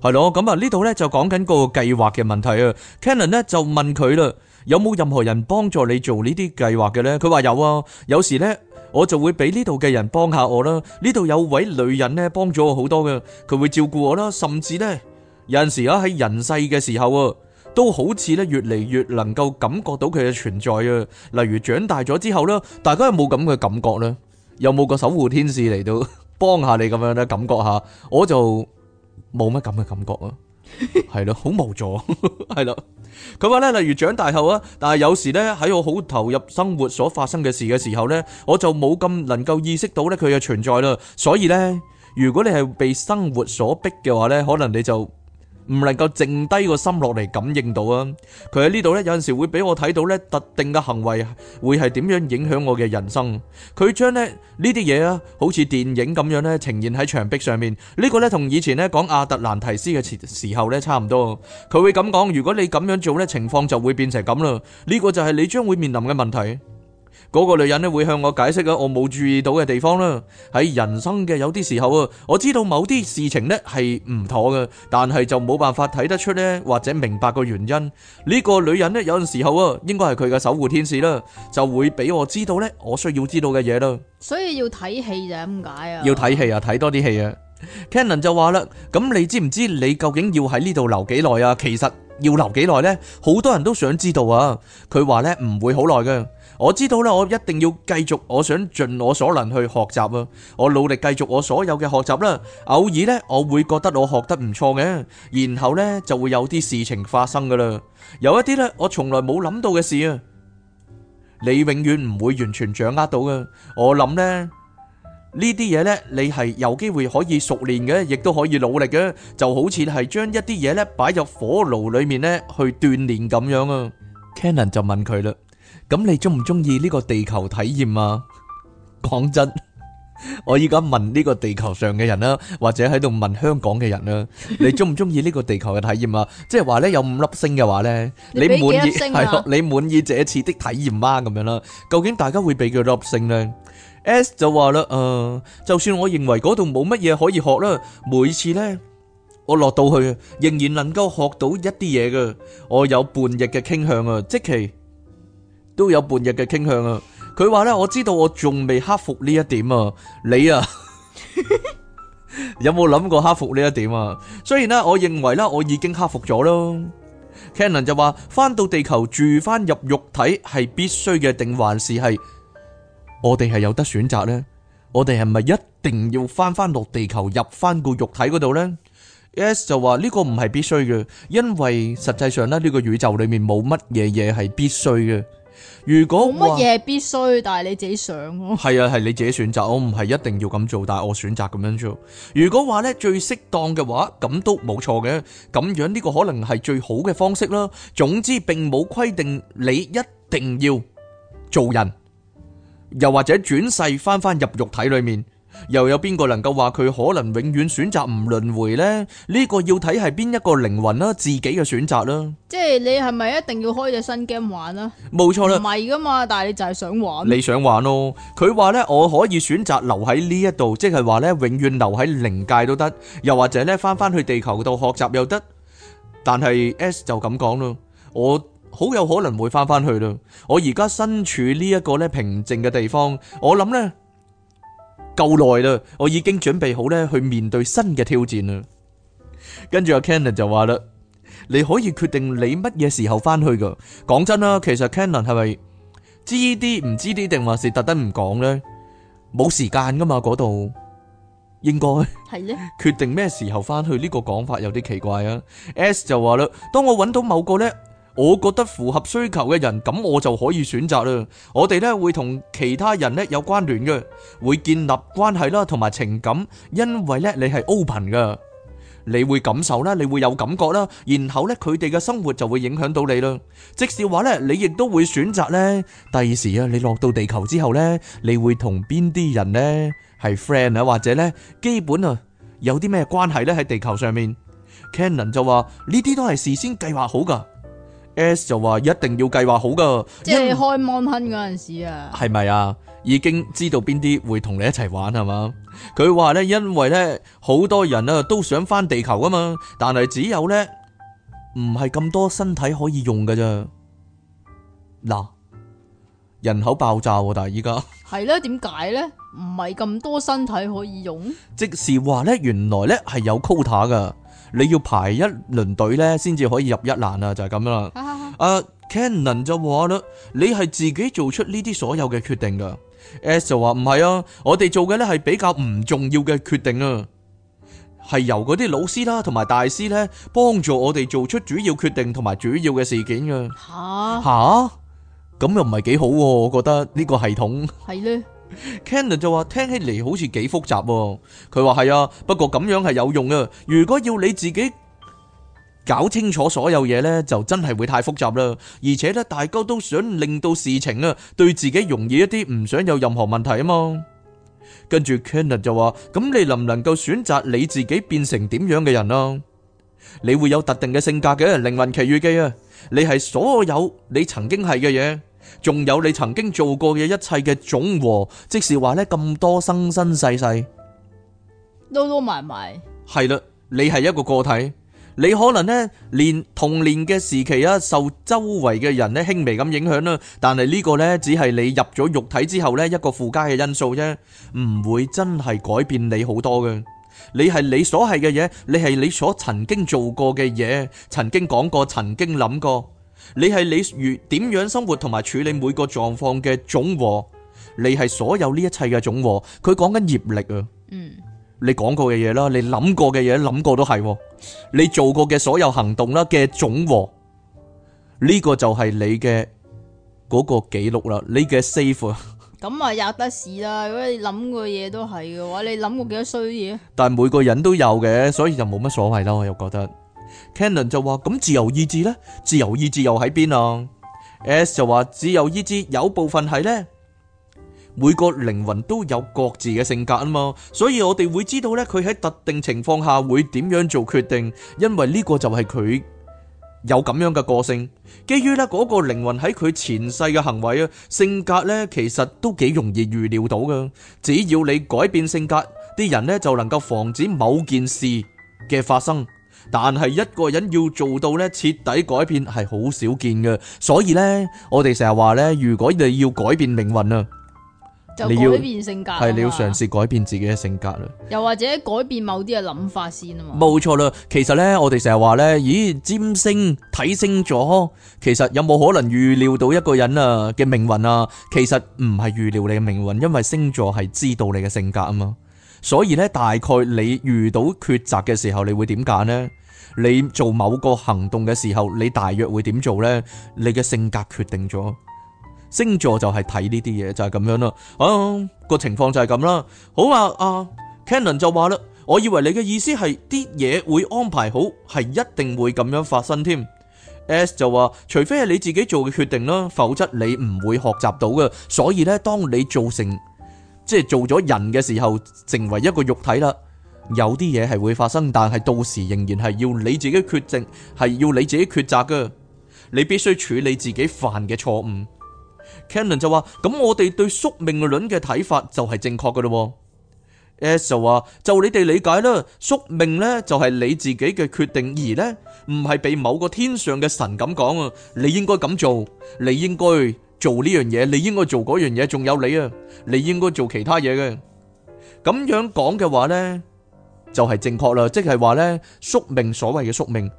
係咯，咁啊呢度呢就講緊個計劃嘅問題啊。Cannon 呢就問佢啦，了「有冇任何人幫助你做呢啲計劃嘅呢？」佢話有啊，有時呢，我就會俾呢度嘅人幫下我啦。呢度有位女人呢幫咗我好多嘅，佢會照顧我啦，甚至呢，有陣時啊喺人世嘅時候啊，都好似呢越嚟越能夠感覺到佢嘅存在啊。例如長大咗之後呢，大家有冇咁嘅感覺呢？有冇個守護天使嚟到幫下你咁樣呢？感覺下，我就。冇乜咁嘅感覺啊，係咯， 好無助，係 咯。佢話咧，例如長大後啊，但係有時咧喺我好投入生活所發生嘅事嘅時候咧，我就冇咁能夠意識到咧佢嘅存在啦。所以咧，如果你係被生活所逼嘅話咧，可能你就。唔能夠靜低個心落嚟，感應到啊！佢喺呢度呢，有陣時會俾我睇到呢特定嘅行為會係點樣影響我嘅人生。佢將咧呢啲嘢啊，好似電影咁樣咧呈現喺牆壁上面。呢個呢，同以前呢講亞特蘭提斯嘅時時候呢，差唔多。佢會咁講：如果你咁樣做呢，情況就會變成咁啦。呢個就係你將會面臨嘅問題。嗰個女人咧會向我解釋啊，我冇注意到嘅地方啦。喺人生嘅有啲時候啊，我知道某啲事情呢係唔妥嘅，但係就冇辦法睇得出呢，或者明白個原因。呢個女人呢，有陣時候啊，應該係佢嘅守護天使啦，就會俾我知道呢我需要知道嘅嘢咯。所以要睇戲就咁解啊？要睇戲啊，睇多啲戲啊。Cannon 就話啦，咁你知唔知你究竟要喺呢度留幾耐啊？其實要留幾耐呢，好多人都想知道啊。佢話呢：「唔會好耐嘅。我知道啦，我一定要繼續，我想盡我所能去學習啊！我努力繼續我所有嘅學習啦。偶爾呢，我會覺得我學得唔錯嘅，然後呢就會有啲事情發生噶啦。有一啲呢，我從來冇諗到嘅事啊，你永遠唔會完全掌握到嘅。我諗呢呢啲嘢，呢你係有機會可以熟練嘅，亦都可以努力嘅，就好似係將一啲嘢呢擺入火爐裏面呢去鍛煉咁樣啊。Canon 就問佢啦。咁你中唔中意呢個地球體驗啊？講真，我依家問呢個地球上嘅人啦，或者喺度問香港嘅人啦，你中唔中意呢個地球嘅體驗啊？ 即係話呢，有五粒星嘅話呢、啊，你滿意係你滿意這次的體驗嗎，啊？咁樣啦，究竟大家會俾幾粒星呢？S 就話啦，誒、呃，就算我認為嗰度冇乜嘢可以學啦，每次呢，我落到去仍然能夠學到一啲嘢嘅，我有半日嘅傾向啊，即期。都有半日嘅傾向啊！佢話咧，我知道我仲未克服呢一點啊。你啊，有冇諗過克服呢一點啊？雖然咧，我認為咧，我已經克服咗咯。Cannon 就話：翻到地球住翻入肉體係必須嘅，定還是係我哋係有得選擇咧？我哋係咪一定要翻翻落地球入翻個肉體嗰度咧？S 就話，呢個唔係必須嘅，因為實際上咧，呢個宇宙裡面冇乜嘢嘢係必須嘅。如果冇乜嘢必須，但係你自己想咯。係 啊，係你自己選擇，我唔係一定要咁做，但係我選擇咁樣做。如果話呢，最適當嘅話，咁都冇錯嘅。咁樣呢個可能係最好嘅方式啦。總之並冇規定你一定要做人，又或者轉世翻翻入肉體裏面。又有邊個能夠話佢可能永遠選擇唔輪迴呢？呢、呢個要睇係邊一個靈魂啦、啊，自己嘅選擇啦、啊。即係你係咪一定要開隻新 game 玩啊？冇錯啦，唔係噶嘛，但係你就係想玩、啊，你想玩咯。佢話呢，我可以選擇留喺呢一度，即係話呢，永遠留喺靈界都得，又或者呢，翻翻去地球度學習又得。但係 S 就咁講咯，我好有可能會翻翻去咯。我而家身處呢一個呢，平靜嘅地方，我諗呢。夠耐啦，我已經準備好咧去面對新嘅挑戰啦。跟住阿 Cannon 就話啦，你可以決定你乜嘢時候翻去噶。講真啦，其實 Cannon 係咪知啲唔知啲定話是特登唔講呢？冇時間噶嘛，嗰度應該係咧。決定咩時候翻去呢，這個講法有啲奇怪啊。S 就話啦，當我揾到某個呢。」我覺得符合需求嘅人，咁我就可以選擇啦。我哋咧會同其他人咧有關聯嘅，會建立關係啦，同埋情感。因為咧你係 open 噶，你會感受啦，你會有感覺啦。然後咧佢哋嘅生活就會影響到你啦。即使話咧，你亦都會選擇咧。第二時啊，你落到地球之後咧，你會同邊啲人咧係 friend 啊，或者咧基本啊有啲咩關係咧喺地球上面。Cannon 就話呢啲都係事先計劃好噶。S, S 就話一定要計劃好噶，即係開 m o n k 嗰陣時啊，係咪啊？已經知道邊啲會同你一齊玩係嘛？佢話咧，因為咧好多人啊都想返地球啊嘛，但係只有咧唔係咁多身體可以用噶咋？嗱，人口爆炸啊，但係依家係咧？點解咧？唔係咁多身體可以用？即係話咧，原來咧係有 quota 噶。你要排一輪隊咧，先至可以入一欄啊！就係咁樣啦。啊，Cannon 就話啦，你係自己做出呢啲所有嘅決定噶。S 就話唔係啊，我哋做嘅咧係比較唔重要嘅決定啊，係由嗰啲老師啦同埋大師咧幫助我哋做出主要決定同埋主要嘅事件噶。嚇嚇，咁又唔係幾好喎？我覺得呢個系統係咧。Cannon 就話聽起嚟好似幾複雜喎，佢話係啊，不過咁樣係有用啊。如果要你自己搞清楚所有嘢呢，就真係會太複雜啦。而且咧，大家都想令到事情啊，對自己容易一啲，唔想有任何問題啊嘛。跟住 Cannon 就話，咁你能唔能夠選擇你自己變成點樣嘅人啊？你會有特定嘅性格嘅，靈魂奇遇記啊，你係所有你曾經係嘅嘢。仲有你曾經做過嘅一切嘅總和，即是話呢，咁多生生世世，多多埋埋係啦。你係一個個體，你可能呢，連童年嘅時期啊，受周圍嘅人呢輕微咁影響啦。但係呢個呢，只係你入咗肉體之後呢一個附加嘅因素啫，唔會真係改變你好多嘅。你係你所係嘅嘢，你係你所曾經做過嘅嘢，曾經講過，曾經諗過。你係你如點樣生活同埋處理每個狀況嘅總和，你係所有呢一切嘅總和。佢講緊業力啊，嗯，你講過嘅嘢啦，你諗過嘅嘢諗過都係，你做過嘅所有行動啦嘅總和，呢個就係你嘅嗰個記錄啦，你嘅 Safe。咁啊，有得事啦！如果你諗過嘢都係嘅話，你諗過幾多衰嘢？但係每個人都有嘅，所以就冇乜所謂啦。我又覺得。Cannon 就話：咁自由意志呢？自由意志又喺邊啊？S 就話：自由意志有部分係呢，每個靈魂都有各自嘅性格啊嘛，所以我哋會知道咧，佢喺特定情況下會點樣做決定，因為呢個就係佢有咁樣嘅個性。基於呢嗰個靈魂喺佢前世嘅行為啊，性格呢其實都幾容易預料到㗎。只要你改變性格，啲人呢就能夠防止某件事嘅發生。但係一個人要做到咧，徹底改變係好少見嘅，所以呢我哋成日話呢，如果你要改變命運啊，就改變性格，係你要嘗試改變自己嘅性格啦。又或者改變某啲嘅諗法先啊嘛。冇錯啦，其實呢我哋成日話呢，咦占星，睇星座，其實有冇可能預料到一個人啊嘅命運啊？其實唔係預料你嘅命運，因為星座係知道你嘅性格啊嘛。所以咧，大概你遇到抉擇嘅時候，你會點揀呢？你做某個行動嘅時候，你大約會點做呢？你嘅性格決定咗，星座就係睇呢啲嘢，就係咁樣啦。啊，個情況就係咁啦。好啊，啊，Cannon 就話啦，我以為你嘅意思係啲嘢會安排好，係一定會咁樣發生添。S 就話，除非係你自己做嘅決定啦，否則你唔會學習到嘅。所以咧，當你做成即係做咗人嘅時候，成為一個肉體啦，有啲嘢係會發生，但係到時仍然係要你自己決定，係要你自己抉擇噶。你必須處理自己犯嘅錯誤。Canon 就話：咁我哋對宿命論嘅睇法就係正確噶咯。Eso 話：就你哋理解啦，宿命呢就係你自己嘅決定，而呢唔係俾某個天上嘅神咁講啊，你應該咁做，你應該。做呢樣嘢，你應該做嗰樣嘢，仲有你啊，你應該做其他嘢嘅。咁樣講嘅話咧，就係正確啦，即係話咧，宿命所謂嘅宿命，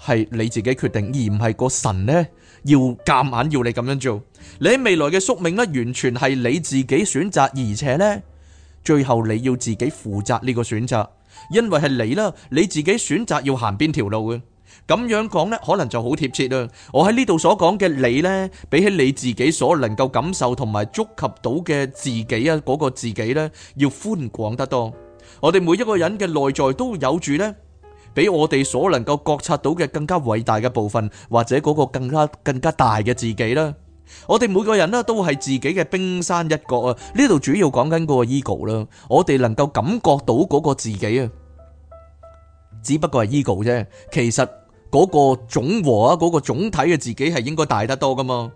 係你自己決定，而唔係個神咧要夾硬要你咁樣做。你喺未來嘅宿命呢，完全係你自己選擇，而且咧最後你要自己負責呢個選擇，因為係你啦，你自己選擇要行邊條路嘅。咁樣講呢，可能就好貼切啦。我喺呢度所講嘅你呢，比起你自己所能夠感受同埋觸及到嘅自己啊，嗰個自己呢，要寬廣得多。我哋每一個人嘅內在都有住呢，比我哋所能夠覺察到嘅更加偉大嘅部分，或者嗰個更加更加大嘅自己啦。我哋每個人呢，都係自己嘅冰山一角啊。呢度主要講緊嗰個 ego 啦，我哋能夠感覺到嗰個自己啊，只不過係 ego 啫，其實。嗰個總和啊，嗰個總體嘅自己係應該大得多噶嘛？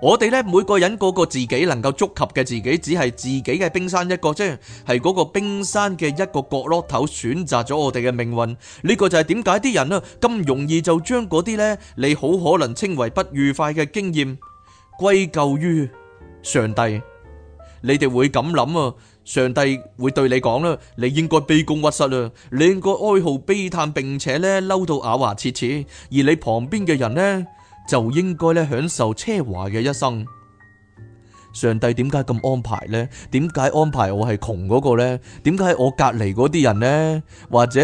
我哋呢每個人嗰個自己能夠觸及嘅自己，只係自己嘅冰山一個，啫係嗰個冰山嘅一個角落頭，選擇咗我哋嘅命運。呢個就係點解啲人啊咁容易就將嗰啲呢，你好可能稱為不愉快嘅經驗歸咎於上帝。你哋會咁諗啊？上帝會對你講啦，你應該卑躬屈膝啦，你應該哀號悲嘆，並且咧嬲到咬牙切齒，而你旁邊嘅人呢，就應該咧享受奢華嘅一生。上帝點解咁安排呢？點解安排我係窮嗰個呢？點解我隔籬嗰啲人呢？或者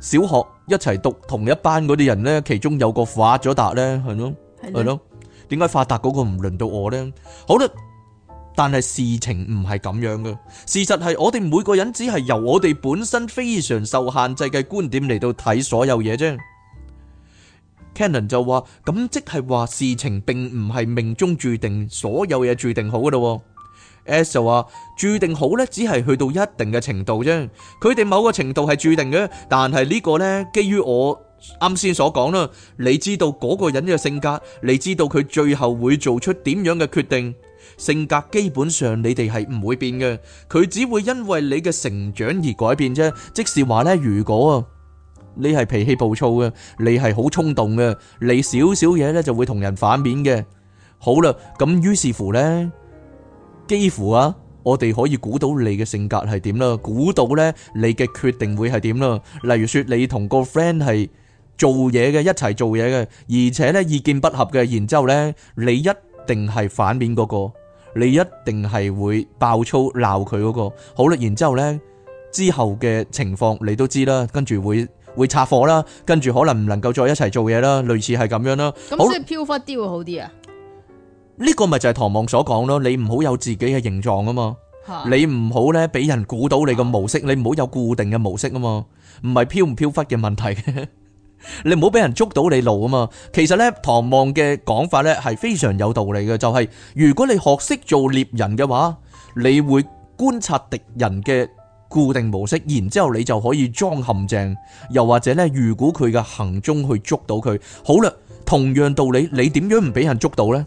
小學一齊讀同一班嗰啲人呢？其中有個發咗達呢？係咯，係咯的，點解發達嗰個唔輪到我呢？好啦。但係事情唔係咁樣嘅，事實係我哋每個人只係由我哋本身非常受限制嘅觀點嚟到睇所有嘢啫。Cannon 就話，咁即係話事情並唔係命中注定，所有嘢注定好嘅咯。S 就話，注定好呢只係去到一定嘅程度啫。佢哋某個程度係注定嘅，但係呢個呢，基於我啱先所講啦，你知道嗰個人嘅性格，你知道佢最後會做出點樣嘅決定。性格基本上你哋係唔會變嘅，佢只會因為你嘅成長而改變啫。即是話呢，如果啊你係脾氣暴躁嘅，你係好衝動嘅，你少少嘢呢就會同人反面嘅。好啦，咁於是乎呢，幾乎啊，我哋可以估到你嘅性格係點啦，估到呢，你嘅決定會係點啦。例如說你同個 friend 係做嘢嘅，一齊做嘢嘅，而且呢意見不合嘅，然之後呢你一定係反面嗰個。你一定係會爆粗鬧佢嗰個，好啦，然之後咧，之後嘅情況你都知啦，跟住會會拆伙啦，跟住可能唔能夠再一齊做嘢啦，類似係咁樣啦。咁即係飄忽啲會好啲啊？呢個咪就係唐望所講咯，你唔好有自己嘅形狀啊嘛，你唔好咧，俾人估到你個模式，你唔好有固定嘅模式啊嘛，唔係飄唔飄忽嘅問題。你唔好俾人捉到你路啊嘛！其實咧，唐望嘅講法咧係非常有道理嘅，就係如果你學識做獵人嘅話，你會觀察敵人嘅固定模式，然之後你就可以裝陷阱，又或者咧，預估佢嘅行蹤去捉到佢。好啦，同樣道理，你點樣唔俾人捉到呢？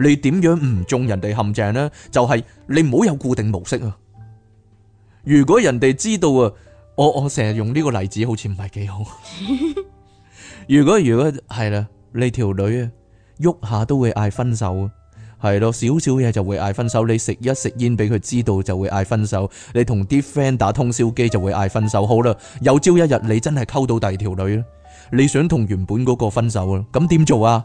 你點樣唔中人哋陷阱呢？就係你唔好有固定模式啊！如果人哋知道啊，我我成日用呢個例子好似唔係幾好。 如果如果係啦，你條女啊，喐下都會嗌分手啊，係咯，少少嘢就會嗌分手。你食一食煙俾佢知道就會嗌分手。你同啲 friend 打通宵機就會嗌分手。好啦，有朝一日你真係溝到第二條女啦，你想同原本嗰個分手啦，咁點做啊？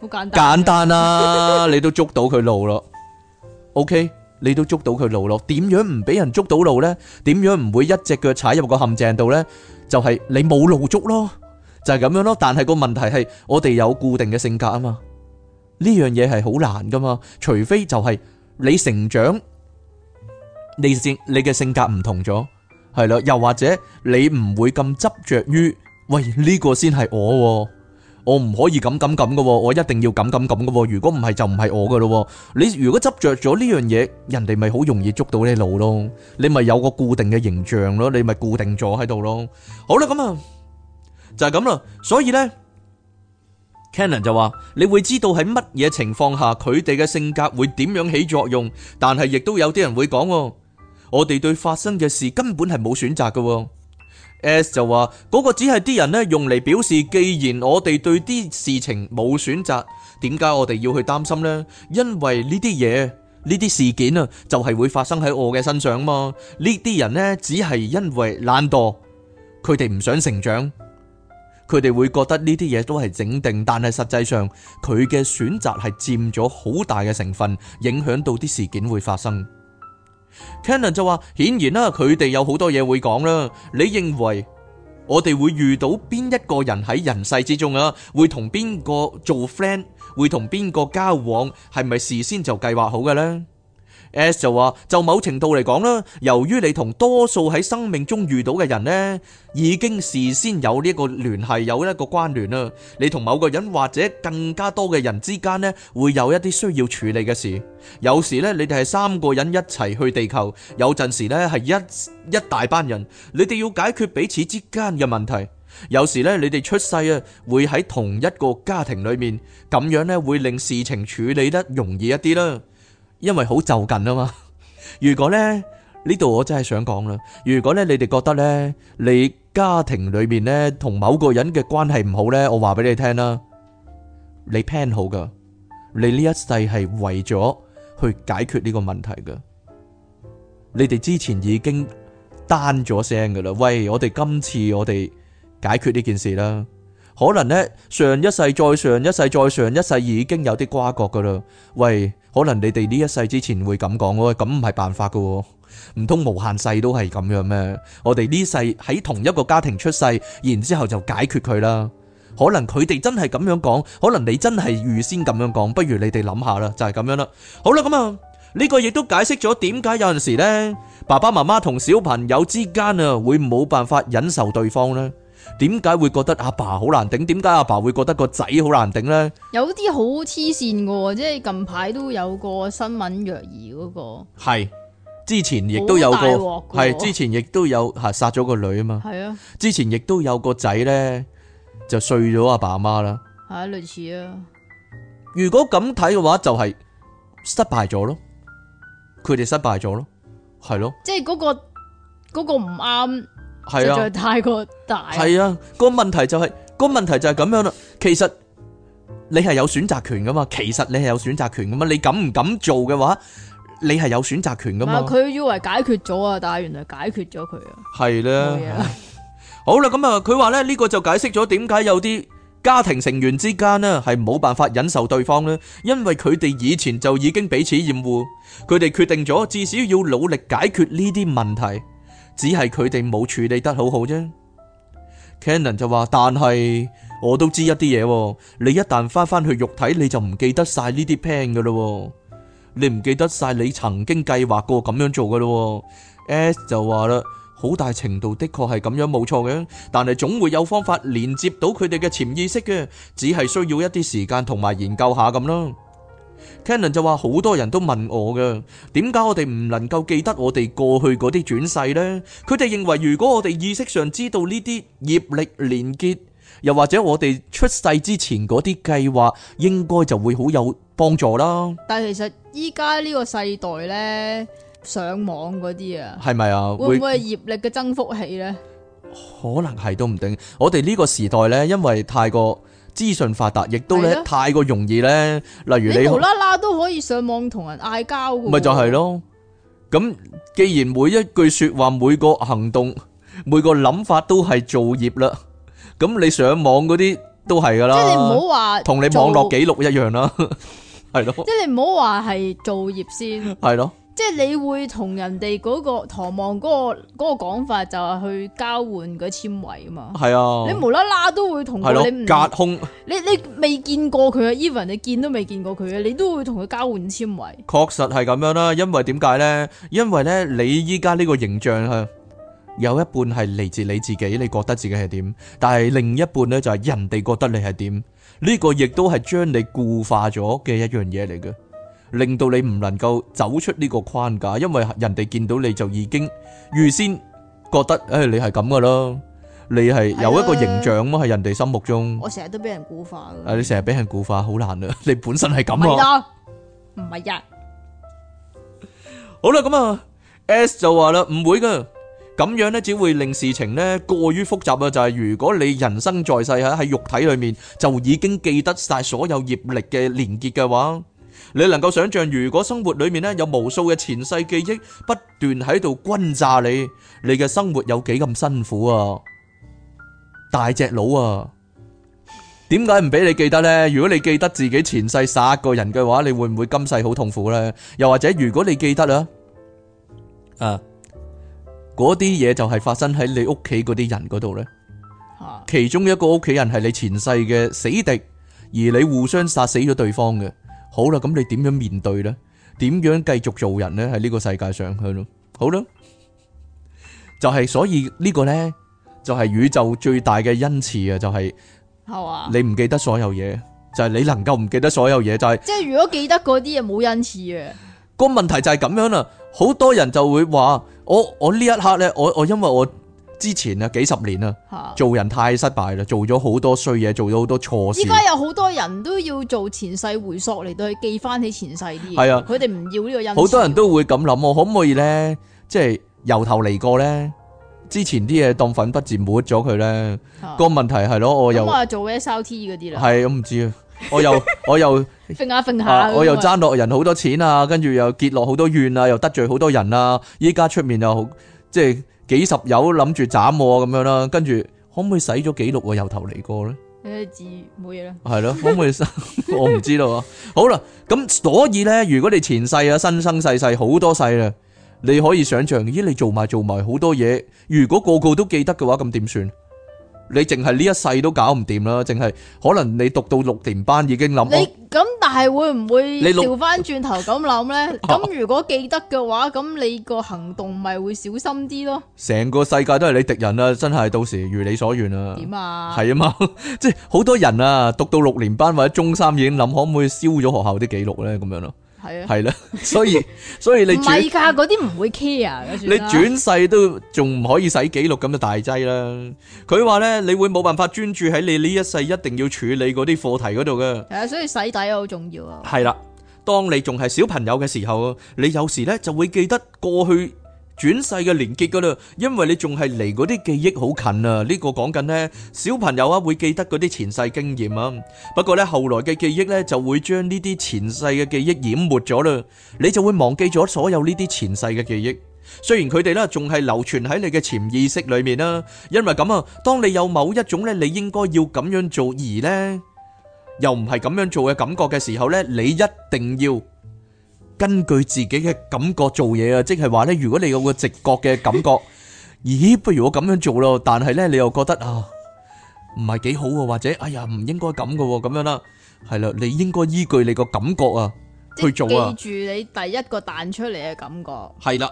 好簡單、啊，簡單啦、啊， 你都捉到佢路咯。OK，你都捉到佢路咯。點樣唔俾人捉到路呢？點樣唔會一隻腳踩入個陷阱度呢？就係、是、你冇路捉咯。就係咁樣咯，但係個問題係我哋有固定嘅性格啊嘛，呢樣嘢係好難噶嘛，除非就係你成長，你先你嘅性格唔同咗，係咯，又或者你唔會咁執着於，喂呢個先係我，我唔可以咁咁咁噶，我一定要咁咁咁噶，如果唔係就唔係我噶咯，你如果執着咗呢樣嘢，人哋咪好容易捉到你路咯，你咪有個固定嘅形象咯，你咪固定咗喺度咯，好啦咁啊。就係咁啦，所以呢 Cannon 就話你會知道喺乜嘢情況下佢哋嘅性格會點樣起作用。但係亦都有啲人會講，我哋對發生嘅事根本係冇選擇噶。S 就話嗰、那個只係啲人呢用嚟表示，既然我哋對啲事情冇選擇，點解我哋要去擔心呢？因為呢啲嘢呢啲事件啊，就係、是、會發生喺我嘅身上嘛。呢啲人呢，只係因為懶惰，佢哋唔想成長。佢哋會覺得呢啲嘢都係整定，但係實際上佢嘅選擇係佔咗好大嘅成分，影響到啲事件會發生。Cannon 就話：「顯然啦、啊，佢哋有好多嘢會講啦。你認為我哋會遇到邊一個人喺人世之中啊？會同邊個做 friend？會同邊個交往？係咪事先就計劃好嘅呢？」S, S 就話，就某程度嚟講啦，由於你同多數喺生命中遇到嘅人呢，已經事先有呢個聯繫，有一個關聯啦。你同某個人或者更加多嘅人之間呢，會有一啲需要處理嘅事。有時呢，你哋係三個人一齊去地球，有陣時呢，係一一大班人，你哋要解決彼此之間嘅問題。有時呢，你哋出世啊，會喺同一個家庭裏面，咁樣呢，會令事情處理得容易一啲啦。因為好就近啊嘛，如果呢呢度我真係想講啦，如果呢你哋覺得呢你家庭裏面呢同某個人嘅關係唔好呢，我話俾你聽啦，你 plan 好噶，你呢一世係為咗去解決呢個問題噶，你哋之前已經單咗聲噶啦，喂，我哋今次我哋解決呢件事啦，可能呢上一世再上一世再上一世已經有啲瓜葛噶啦，喂。可能你哋呢一世之前會咁講咯，咁唔係辦法噶，唔通無限世都係咁樣咩？我哋呢世喺同一個家庭出世，然之後就解決佢啦。可能佢哋真係咁樣講，可能你真係預先咁樣講，不如你哋諗下啦，就係咁樣啦。好啦，咁啊，呢個亦都解釋咗點解有陣時呢，爸爸媽媽同小朋友之間啊，會冇辦法忍受對方呢。點解會覺得阿爸好難頂？點解阿爸會覺得個仔好難頂咧？有啲好黐線噶，即係近排都有個新聞、嗰個，若兒嗰個係之前亦都有個係之前亦都有吓殺咗個女啊嘛係啊，之前亦都有個仔咧、啊、就碎咗阿爸阿媽啦吓類似啊！如果咁睇嘅話，就係、係、失敗咗咯，佢哋失敗咗咯，係咯、啊，即係嗰、嗰個嗰、嗰個唔啱。係啊，太過大。係啊，個問題就係個問題就係咁樣啦。其實你係有選擇權噶嘛，其實你係有選擇權噶嘛。你敢唔敢做嘅話，你係有選擇權噶嘛。佢以為解決咗啊，但係原來解決咗佢啊。係啦，好啦，咁啊，佢話咧呢個就解釋咗點解有啲家庭成員之間呢係冇辦法忍受對方呢，因為佢哋以前就已經彼此厭惡，佢哋決定咗至少要努力解決呢啲問題。只係佢哋冇處理得好好啫。Cannon 就話：但係我都知一啲嘢喎。你一旦翻翻去肉體，你就唔記得晒呢啲 plan 嘅咯。你唔記得晒你曾經計劃過咁樣做嘅咯。S 就話啦，好大程度的確係咁樣冇錯嘅，但係總會有方法連接到佢哋嘅潛意識嘅，只係需要一啲時間同埋研究下咁咯。Kenon 就話好多人都問我噶，點解我哋唔能夠記得我哋過去嗰啲轉世呢？佢哋認為如果我哋意識上知道呢啲業力連結，又或者我哋出世之前嗰啲計劃，應該就會好有幫助啦。但係其實依家呢個世代呢，上網嗰啲啊，係咪啊？會唔會係業力嘅增幅器呢？可能係都唔定。我哋呢個時代呢，因為太過。資訊發達，亦都咧太過容易咧。例如你無啦啦都可以上網同人嗌交嘅。咪就係咯，咁既然每一句説話、每個行動、每個諗法都係造業啦，咁你上網嗰啲都係㗎啦。即係你唔好話同你網絡記錄一樣啦，係咯。即係你唔好話係造業先，係咯。即係你會同人哋嗰個唐望嗰個嗰個講法，就係去交換嗰纖維啊嘛。係啊的，你無啦啦都會同佢的你不隔空。你你未見過佢啊，Even 你見都未見過佢啊，你都會同佢交換纖維。確實係咁樣啦，因為點解咧？因為咧，你依家呢個形象，啊，有一半係嚟自你自己，你覺得自己係點，但係另一半咧就係人哋覺得你係點。呢個亦都係將你固化咗嘅一樣嘢嚟嘅。令到你唔能夠走出呢個框架，因為人哋見到你就已經預先覺得，誒，你係咁噶囉，你係有一個形象咁喺人哋心目中。我成日都俾人固化嘅。誒，你成日俾人固化，好難啊！你本身係咁啊，唔係呀？好啦，咁啊，S 就話啦，唔會噶，咁樣呢只會令事情呢過於複雜啊！就係如果你人生在世喺喺肉體裏面就已經記得晒所有業力嘅連結嘅話。你能夠想象如果生活裏面呢，有無數嘅前世記憶不斷喺度轟炸你，你嘅生活有幾咁辛苦啊？大隻佬啊，點解唔俾你記得呢？如果你記得自己前世殺個人嘅話，你會唔會今世好痛苦呢？又或者如果你記得啦，啊，嗰啲嘢就係發生喺你屋企嗰啲人嗰度呢，其中一個屋企人係你前世嘅死敵，而你互相殺死咗對方嘅。好啦，咁你點樣面對咧？點樣繼續做人咧？喺呢個世界上去咯，好啦，就係所以呢個咧，就係宇宙最大嘅恩賜啊！就係係啊，你唔記得所有嘢，就係你能夠唔記得所有嘢，就係即係如果記得嗰啲嘢冇恩賜啊，個問題就係咁樣啦。好多人就會話我我呢一刻咧，我我因為我。之前啊，幾十年啊，做人太失敗啦，做咗好多衰嘢，做咗好多錯事。依家有好多人都要做前世回溯嚟，都係記翻起前世啲嘢。係啊，佢哋唔要呢個因。好多人都會咁諗，可唔可以咧？即係由頭嚟過咧？之前啲嘢當粉筆字抹咗佢咧？個、啊、問題係咯，我又咁、啊、我又做 S L T 嗰啲啦。係我唔知啊，我又 我又，揈下下，我又爭落 人好多錢啊，跟住又結落好多怨啊，又得罪好多人啊。依家出面又好，即係。就是幾十友諗住斬我啊，咁樣啦，跟住可唔可以使咗記錄我由頭嚟過咧？誒，自冇嘢啦。係咯，可唔可以洗？我唔知道啊。好啦，咁所以咧，如果你前世啊，生生世世好多世啊，你可以想象咦，你做埋做埋好多嘢，如果個個都記得嘅話，咁點算？你淨係呢一世都搞唔掂啦，淨係可能你讀到六年班已經諗。你咁但係會唔會調翻轉頭咁諗咧？咁 如果記得嘅話，咁你個行動咪會小心啲咯。成個世界都係你敵人啊！真係到時如你所願啊！點啊？係啊嘛， 即係好多人啊，讀到六年班或者中三已經諗，可唔可以燒咗學校啲記錄咧？咁樣咯。係啊，係啦，所以所以你唔係嗰啲唔會 care。你轉世都仲唔可以使記錄咁就大劑啦。佢話咧，你會冇辦法專注喺你呢一世一定要處理嗰啲課題嗰度嘅。係啊，所以洗底好重要啊。係啦，當你仲係小朋友嘅時候，你有時咧就會記得過去。轉世嘅連結㗎喇，因為你仲係離嗰啲記憶好近啊！呢個講緊呢，小朋友啊會記得嗰啲前世經驗啊。不過呢，後來嘅記憶呢就會將呢啲前世嘅記憶淹沒咗啦，你就會忘記咗所有呢啲前世嘅記憶。雖然佢哋呢仲係流傳喺你嘅潛意識裏面啦，因為咁啊，當你有某一種呢，你應該要咁樣做而呢又唔係咁樣做嘅感覺嘅時候呢，你一定要。根據自己嘅感覺做嘢啊，即係話呢，如果你有個直覺嘅感覺，咦，不如我咁樣做咯。但係呢，你又覺得啊，唔係幾好啊，或者哎呀，唔應該咁嘅，咁樣啦，係啦，你應該依據你個感覺啊去做啊。記住你第一個彈出嚟嘅感覺。係啦，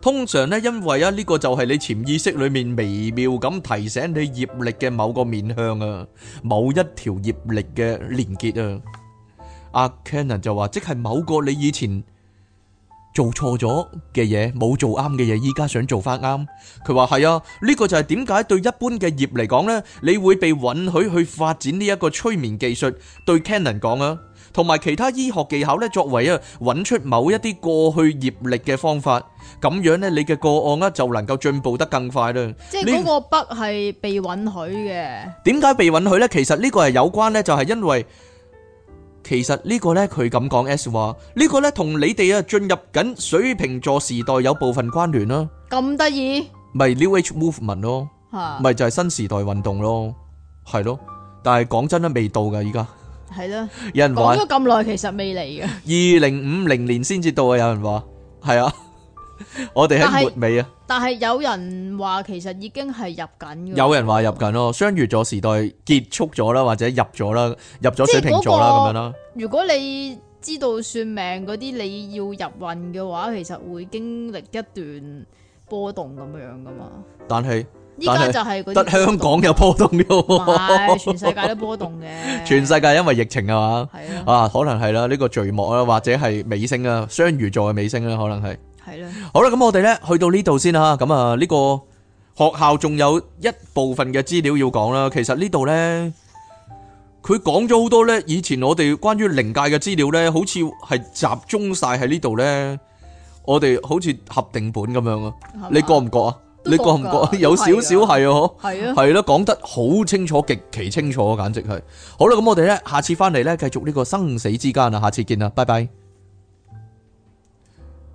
通常呢，因為啊，呢個就係你潛意識裏面微妙咁提醒你業力嘅某個面向啊，某一條業力嘅連結啊。阿 Cannon 就話，即係某個你以前做錯咗嘅嘢，冇做啱嘅嘢，依家想做翻啱。佢話係啊，呢個就係點解對一般嘅業嚟講咧，你會被允許去發展呢一個催眠技術。對 Cannon 講啊，同埋其他醫學技巧咧，作為啊揾出某一啲過去業力嘅方法，咁樣咧，你嘅個案啊就能夠進步得更快啦。即係嗰個筆係被允許嘅。點解被允許咧？其實呢個係有關咧，就係因為。其實呢個呢，佢咁講 S 話呢個呢，同你哋啊進入緊水瓶座時代有部分關聯咯。咁得意咪 New Age Movement 咯，咪就係新時代運動咯，係咯。但係講真都，未到噶依家。係咯，有人講咗咁耐，其實未嚟嘅。二零五零年先至到啊！有人話係啊。我哋係末尾啊！但係有人話其實已經係入緊。有人話入緊咯，雙魚座時代結束咗啦，或者入咗啦，入咗水瓶座啦咁樣啦。如果你知道算命嗰啲，你要入運嘅話，其實會經歷一段波動咁樣樣噶嘛。但係是，依家就係嗰啲得香港有波動咯，唔係 全世界都波動嘅。 全世界因為疫情啊嘛，啊可能係啦，呢、這個序幕啦，或者係尾聲啊，雙魚座嘅尾聲啦，可能係。好啦，咁我哋呢去到呢度先啦、啊，咁啊呢、這個學校仲有一部分嘅資料要講啦、啊。其實呢度呢，佢講咗好多呢。以前我哋關於靈界嘅資料呢，好似係集中晒喺呢度呢。我哋好似合訂本咁樣啊，吧你覺唔覺啊？你覺唔覺、啊？ 有少少係啊，嗬？係啊，係咯、啊，講得好清楚，極其清楚、啊，簡直係。好啦，咁我哋呢，下次翻嚟呢，繼續呢個生死之間啊，下次見啦，拜拜。